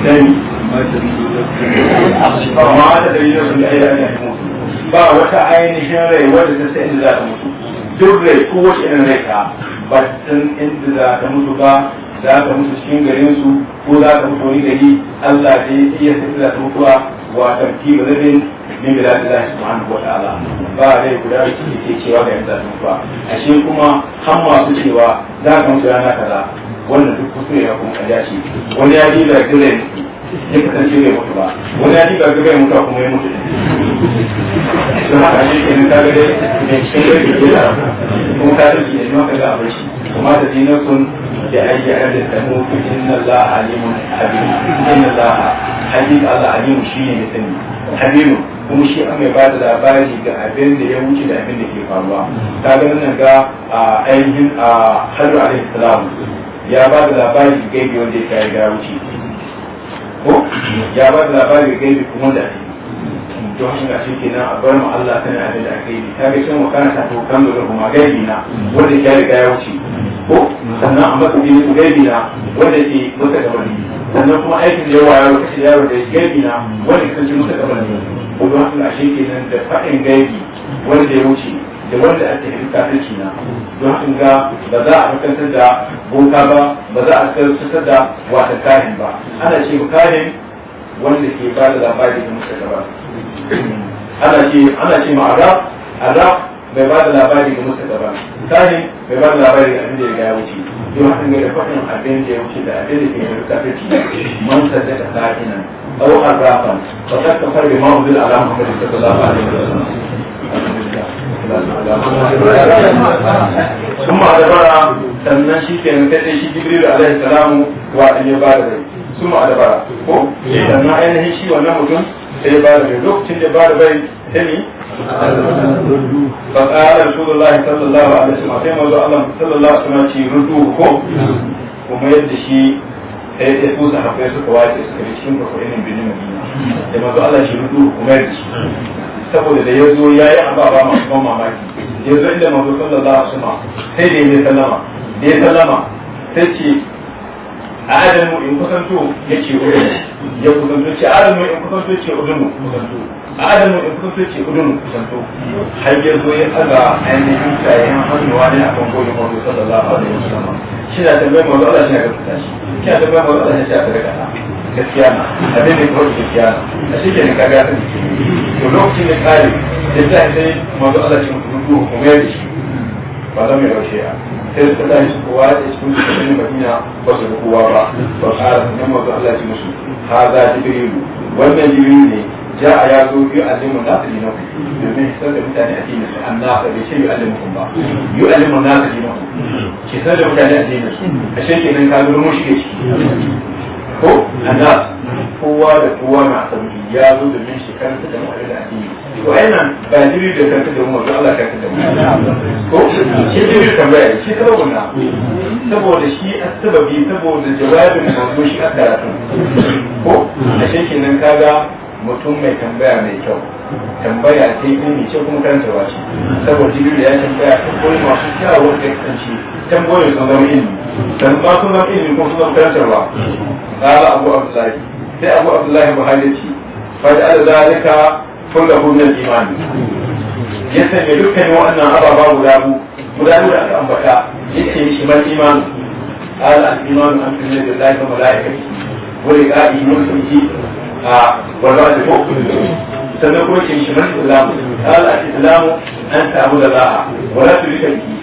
sai amma da dalilin sun da ayyana ya mutu ba wata ainihin rai wadda ta sai inda za ta mutu duk rai ko wata irin rai ka ba san inda za ta mutu ba za ka musu cikin garin su ko za ka mutu wani gari Allah ne iya tafiya ta mutuwa wa tamki ba zai min bila da Allah subhanahu wa ta'ala ba dai guda shi ke cewa ga yadda ta mutuwa ashe kuma han masu cewa za ka mutu rana kaza wannan duk kuskure ya kuma kaja shi wani ya ji da gare ya kasance bai mutu ba wani ya ba bai mutu kuma ya mutu don haka shi ke nan kaga dai da cikin da ke da kuma ta rike da maka da abashi kuma ta da na sun da aiki a da samu inna za a alimun habib inna za a habib Allah alimun shi ne sani habibu kuma shi an mai ba da labari ga abin da ya wuce da abin da ke faruwa ta ga nan ga ainihin a haru alaihi salam ya ba da labari ga gaibe wanda ya kai ga wuce ko ya ba da labari ga yi kuma da ake to haka ga shi kenan a bar mu Allah tana da da kai ta ga shan wakana ta to da da kuma gaibi na wanda ya riga ya wuce ko sannan a ku bin gaibi na wanda ke masa da wani sannan kuma aikin da yawa ya wuce ya wuce gaibi na wanda ke masa da wani ko don haka ga shi kenan da fa'in gaibi wanda ya wuce da wanda ake cikin kafirci na don in ga ba za a fuskantar da boka ba ba za a fuskantar da wata kahin ba ana ce kahin wanda ke ba da labari ga muka ba. ana ce ana ce ma azab azab bai ba da labari ga muka ba. kahin bai ba da labari ga abin da ya wuce don haka ga faɗin abin da ya wuce da abin da ke da kafirci man saddaka kahinan أو أرافا فقد كفر بما أنزل على محمد صلى الله عليه وسلم sun ma dabara sannan shi ke nuka sai shi jibril alaihi salamu wa an ya bada bai sun ma ko sannan ainihin shi wannan mutum sai ya bada bai lokacin da bada bai sai ni فقال رسول الله صلى الله عليه وسلم sai mazo Allah sallallahu alaihi wasallam ci rudu ko kuma yadda shi sai ya tsusa hafa suka wace suka cikin bakwai ne bin Madina da mazo Allah shi rudu kuma yadda shi saboda da ya zo ya yi ababa masu ban mamaki ya zo inda da za a suna sai da ya salama da ya salama sai ce a adamu in kusanto ya ce udunu ya kusanto ce adamu in kusanto ce kusanto a adamu in kusanto ce kusanto shi na shi na gaskata gaskiya na abin da ya kawo gaskiya na a shi ke ne kaga to lokacin da kare ya sa sai manzo Allah cikin rubu ko mai da ba zan mai yaushe ya sai su tsaya su kowa da su cikin Madina ba su kowa ba ba ƙara ne manzo Allah ya musu ha za jibrilu wannan jibrilu ne جاء يعدو يؤلم الناس دينهم بمن يسال متاني أدينه الناس بشيء يؤلمهم الله mutane a دينهم كسال a أدينه الشيء من كانوا مشكلة ko annas kowa da kowa na sauki ya zo da min shi karanta da mu'alli da addini to ainihin ba jiri da karanta da mu'alli Allah ka da mu'alli ko shi jiri tambaya shi sababin na saboda shi a sababi saboda jawabin mazo shi a karatu ko a nan kaga mutum mai tambaya mai kyau tambaya ta yi ilimi ce kuma ba ce saboda da ya tambaya tambayoyi masu kyawu da kasance tambayoyi sun zama ilimi dan ba sun zama ilimi kuma sun zama karantarwa qala abu abdullahi sai abu abdullahi buhari ce fa da zalika kullu min al-iman ya sanya dukkanin wannan ababa guda guda da aka ambata yake shi mal iman qala al-iman an tu'minu billahi wa malaikatihi wa liqa'ihi wa rusulihi a wallahi ko sannan kuma ke shi man islamu qala al-islamu an ta'budu allaha Wala su tushrika bihi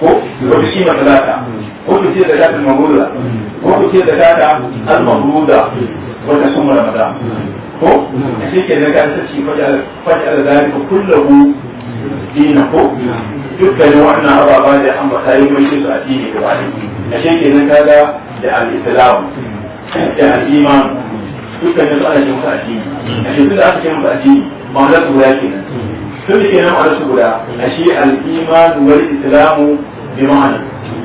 ko wa tuqima salata ko tuti zakat al-mawruda ko tuti zakat al-mawruda wa tasum ramadan ko shi ke na da kan sace fajal fajal zalika kullahu Ko dukkanin wannan ababa da an ba sai mai shi su addini gaba ɗaya a shi ke nan kaga da al da al dukkan da ana jin addini a shi duk aka ce musu addini su guda kenan tun da kenan ma'anar su guda a shi al'imanu wal islamu bi ma'ana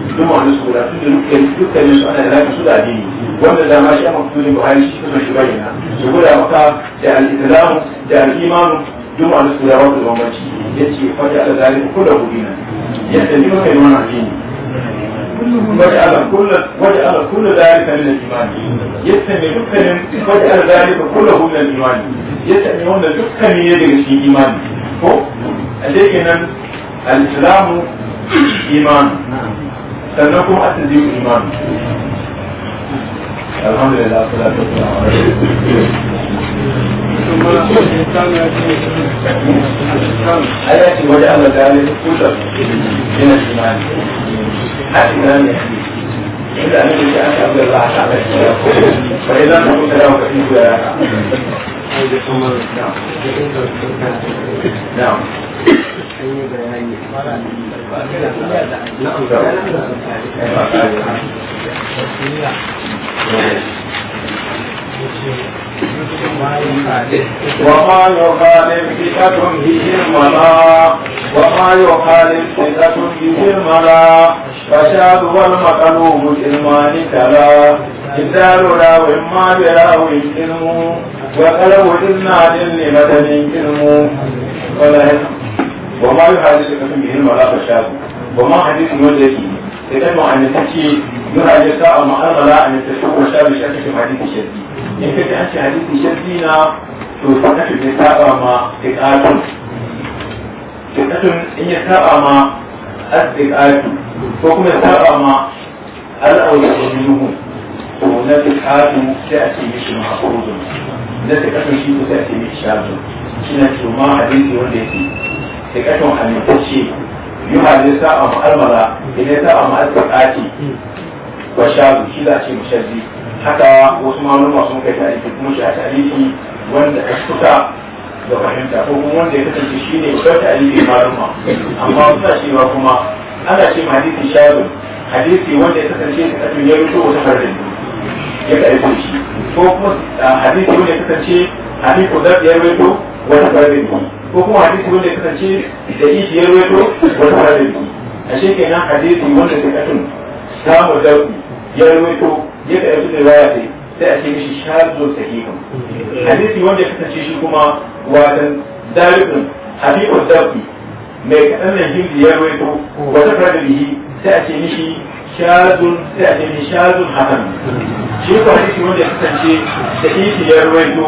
duk su guda tun da dukkanin su ana alaƙa su da addini wanda da ma shi a maktulin buhari shi kusa shi bayyana su guda maka da al'islamu da al'imanu duk ma'anar su guda wanda bambanci ya ce fata ala zalika kullu hudina yadda ni muka yi mana addini وجعل كل وجعل كل ذلك من الايمان يسمي دكان وجعل ذلك كله من الايمان يسمي هنا دكان يدري في ايمان هو لكن الاسلام ايمان سنكم اتزيو ايمان الحمد لله والصلاه والسلام على رسول الله الإنسان وجعل ذلك كله من الإيمان الإمام يحديث إلا أن الإنسان أبو الله تعالى فإذا كنت له كثير ولا نعم وما يخالف ثقة به الملا وما يخالف ثقة به الملا فشاب والمقلوب الإلمان كلا إذا لا وإما براو الكلم وقلب جل لمدن الكلم ولا وما يحدث لكم به المرأة فشاب وما حديث مدري تكلم عن التكي يحدث أما أغلى عن التشوق وشاب شاب في حديث شدي إن كنت أنت حديث شدينا تنفي جساء ما تتآتم تتآتم إن يساقة ما أتتآتم ko kuma ya ba ma al'aure da minuhu to na fi kafin sai a ce mishi mahakurudun na fi kasan shi ko sai a ce mishi shi na to ma hadisi wanda yake sai kasan halittacce yuha ne saba ma almara idan saba ma alƙaƙaƙi wa shazu shi za a ce mushazi haka wasu malama sun kai tarihi kuma shi a tarihi wanda ya fita da fahimta ko kuma wanda ya kasance shi ne ya fita tarihi malama amma suna cewa kuma ana ce ma hadisi shawar hadisi wanda ya kasance ta kasance ya rufe wata farin ya karfe shi ko kuma hadisi wanda ya kasance hadisi ko zafi ya rufe wata farin ko kuma hadisi wanda ya kasance da ishi ya rufe wata farin a shekenan hadisi wanda ya kasance samun zafi ya rufe ya karfe da raya ce sai a ce mishi shazo sahihun hadisi wanda ya kasance shi kuma watan dalibin hadisi ko zafi mai kaɗan da jimbi ya rawaito wata fadilihi sai a ce mishi shazun sai a ce mishi shazun hasan shi ko hadisi wanda ya kasance da ifi ya rawaito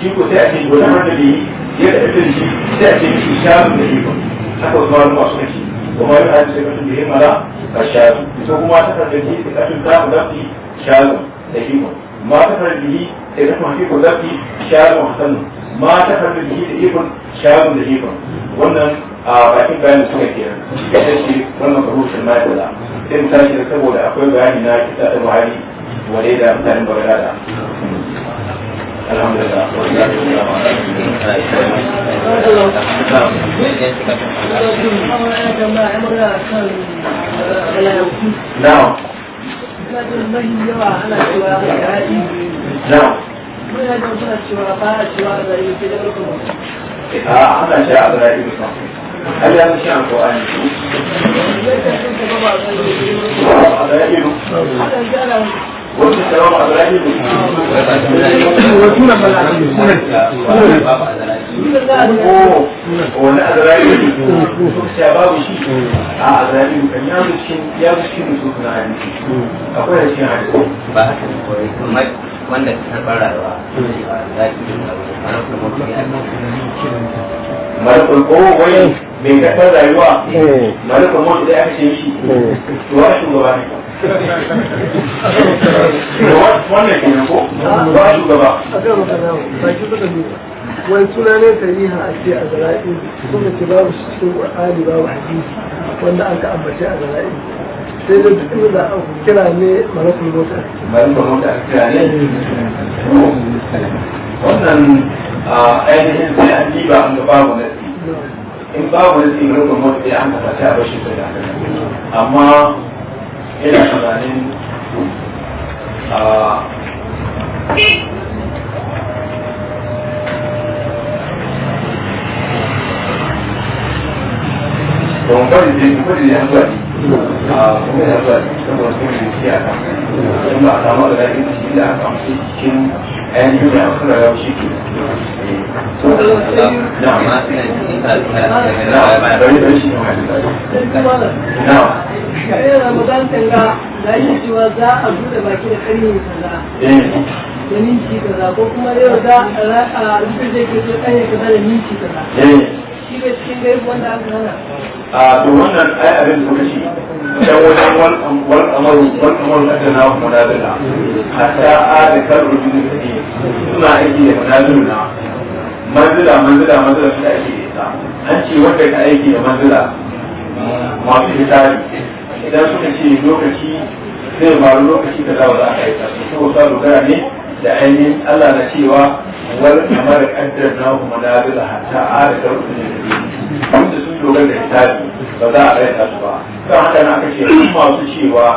shi ko sai a ce wata fadilihi ya kaɗan da shi sai a ce mishi shazun da ifi haka wasu malu masu kake kuma yi a cikin mutum da ya mara a shazun ita kuma ta fadilihi da ƙashin ta mu zafi shazun da ifi ma ta fadilihi da ƙashin hafi ko zafi shazun hasan ma ta fadilihi da ifi shazun da ifi wannan a bakin bayani suka ke ya shi wannan rushin na da sai shi da saboda akwai bayani na kita da buhari wale da mutanen bagada alhamdulillah na'am na'am a آه أنا شاء الله يجب هل هذا شيء عن القرآن؟ وفي السلام على الرجل وسنة بالعجل ولا أدرائي شباب شيء أدرائي كان يامسكن يامسكن يسوكنا عني أقول هذا شيء عن القرآن wanda ta karɓar rayuwa malakul kowa wani mai gasar rayuwa malakul mutu da aka ce mishi tuwa shugaba ne wannan kenan ko ba shugaba wai suna ne a ce a zara'i suka ce babu cikin ƙwar'ani babu hadisi wanda aka ambace a zara'i sai da duk inda kira ne malakul mota malakul mota kira ne wannan ainihin sai an diba an babu nasi in babu nasi malakul mota sai an kafa ta bashi sai da amma ina tunanin Don kawai je, kawai je an gwani. 啊，后面那个生活中有些啊，先把咱们来一起啊，咱们去听，哎，你们两个人要去听，嗯，让妈现在听他他那个让买多少多少钱买的，让。Kayar Ramadan tanga za shi cewa za a buɗe baki a a to wannan ai abin da kuci dan wajen wal wal amaru wal amaru adana wa munadala hatta ada karbu bin kadi suna aiki da munadala manzila manzila manzila shi ake ita an ce wanda ka aiki da manzila masu hitari idan suka ce lokaci zai faru lokaci da za a aika su ko sa dogara ne da ainihin Allah na cewa wal kamar kaddar na kuma na bila hatta a da karfin da wanda sun dogara da hisabi ba za a raina su ba don haka na aka ce duk masu cewa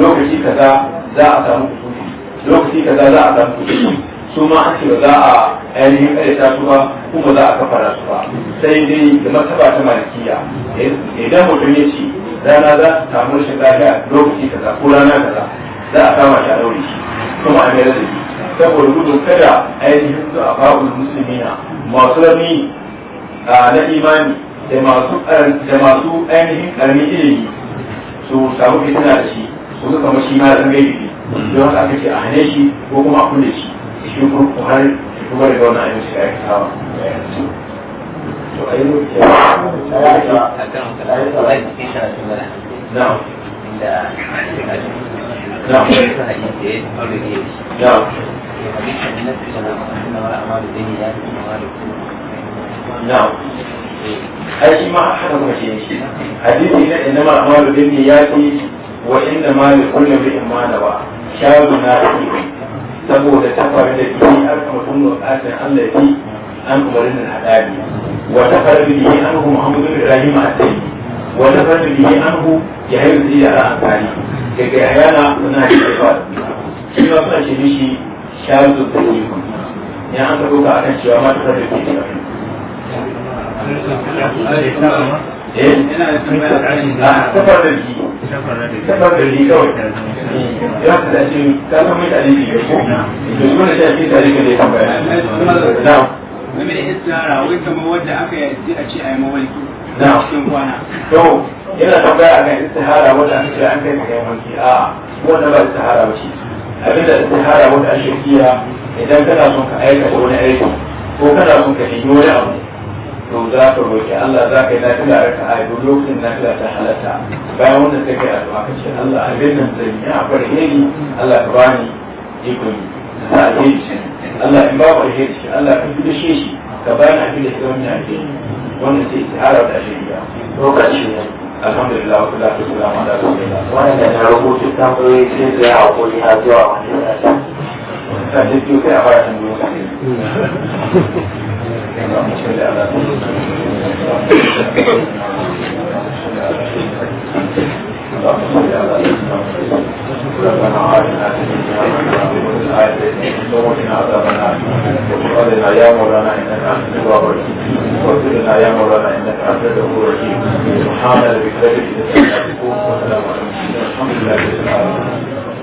lokaci kaza za a samu kusuri lokaci kaza za a samu kusuri su ma an ce ba za a ainihin karyata su ba kuma za a kafara su ba sai dai da martaba ta malikiya idan mutum ya ce rana za ta samu rashin lafiya lokaci kaza ko rana kaza za a kama shi a daure shi kuma a mai da shi saboda gudun kada ainihin su a musulmina masu rami na imani da masu da masu ainihin karamin ilimi su samu fitina da shi su suka mashi ma da gaibi don haka aka a hane shi ko kuma a kunne shi shi kuma har shi kuma da gauna shi na'am ai shi ma haka kuma ce hadisi na ma wa ma bi na saboda da Allah an umarin wa wa daga yana suna shi ba shi ma suna shi shawatu sahihu ya an rubuta akan cewa ma eh, ina tambaya ah, ya ya aka yi a ce a yi mawalki istihara wanda aka ce an kai mawalki a ah, wanda ba istihara ba ce abin da ta hara wani ashirkiya idan kana son ka aikata wani aiki ko kana son ka nemi wani abu to za ka roƙi Allah za ka yi nafila a raka ayi lokacin nafila ta halatta bayan wannan sai kai addu'a ka ce Allah abin nan zan yi a bar heri Allah ka bani ikon ta alheri shi Allah in babu alheri shi Allah ka fi da shi shi ka bani abin da ke wani alheri wannan sai ta hara da shari'a lokaci ne alhamdulillah wa salatu wassalamu ala rasulillah wannan da rubutun tambayoyi sai da hakuri har zuwa wannan sai da duk sai a fara tambayoyi اللهم صل على اللهم صل على ربنا آتنا في الدنيا حسنة وفي الآخرة وقنا عذاب النار واغفر لنا يا مولانا إنك أنت التواب الرحيم واغفر لنا يا مولانا إنك أنت الغفور الرحيم سبحان ربك رب العزة عما يصفون وسلام على المرسلين والحمد لله رب العالمين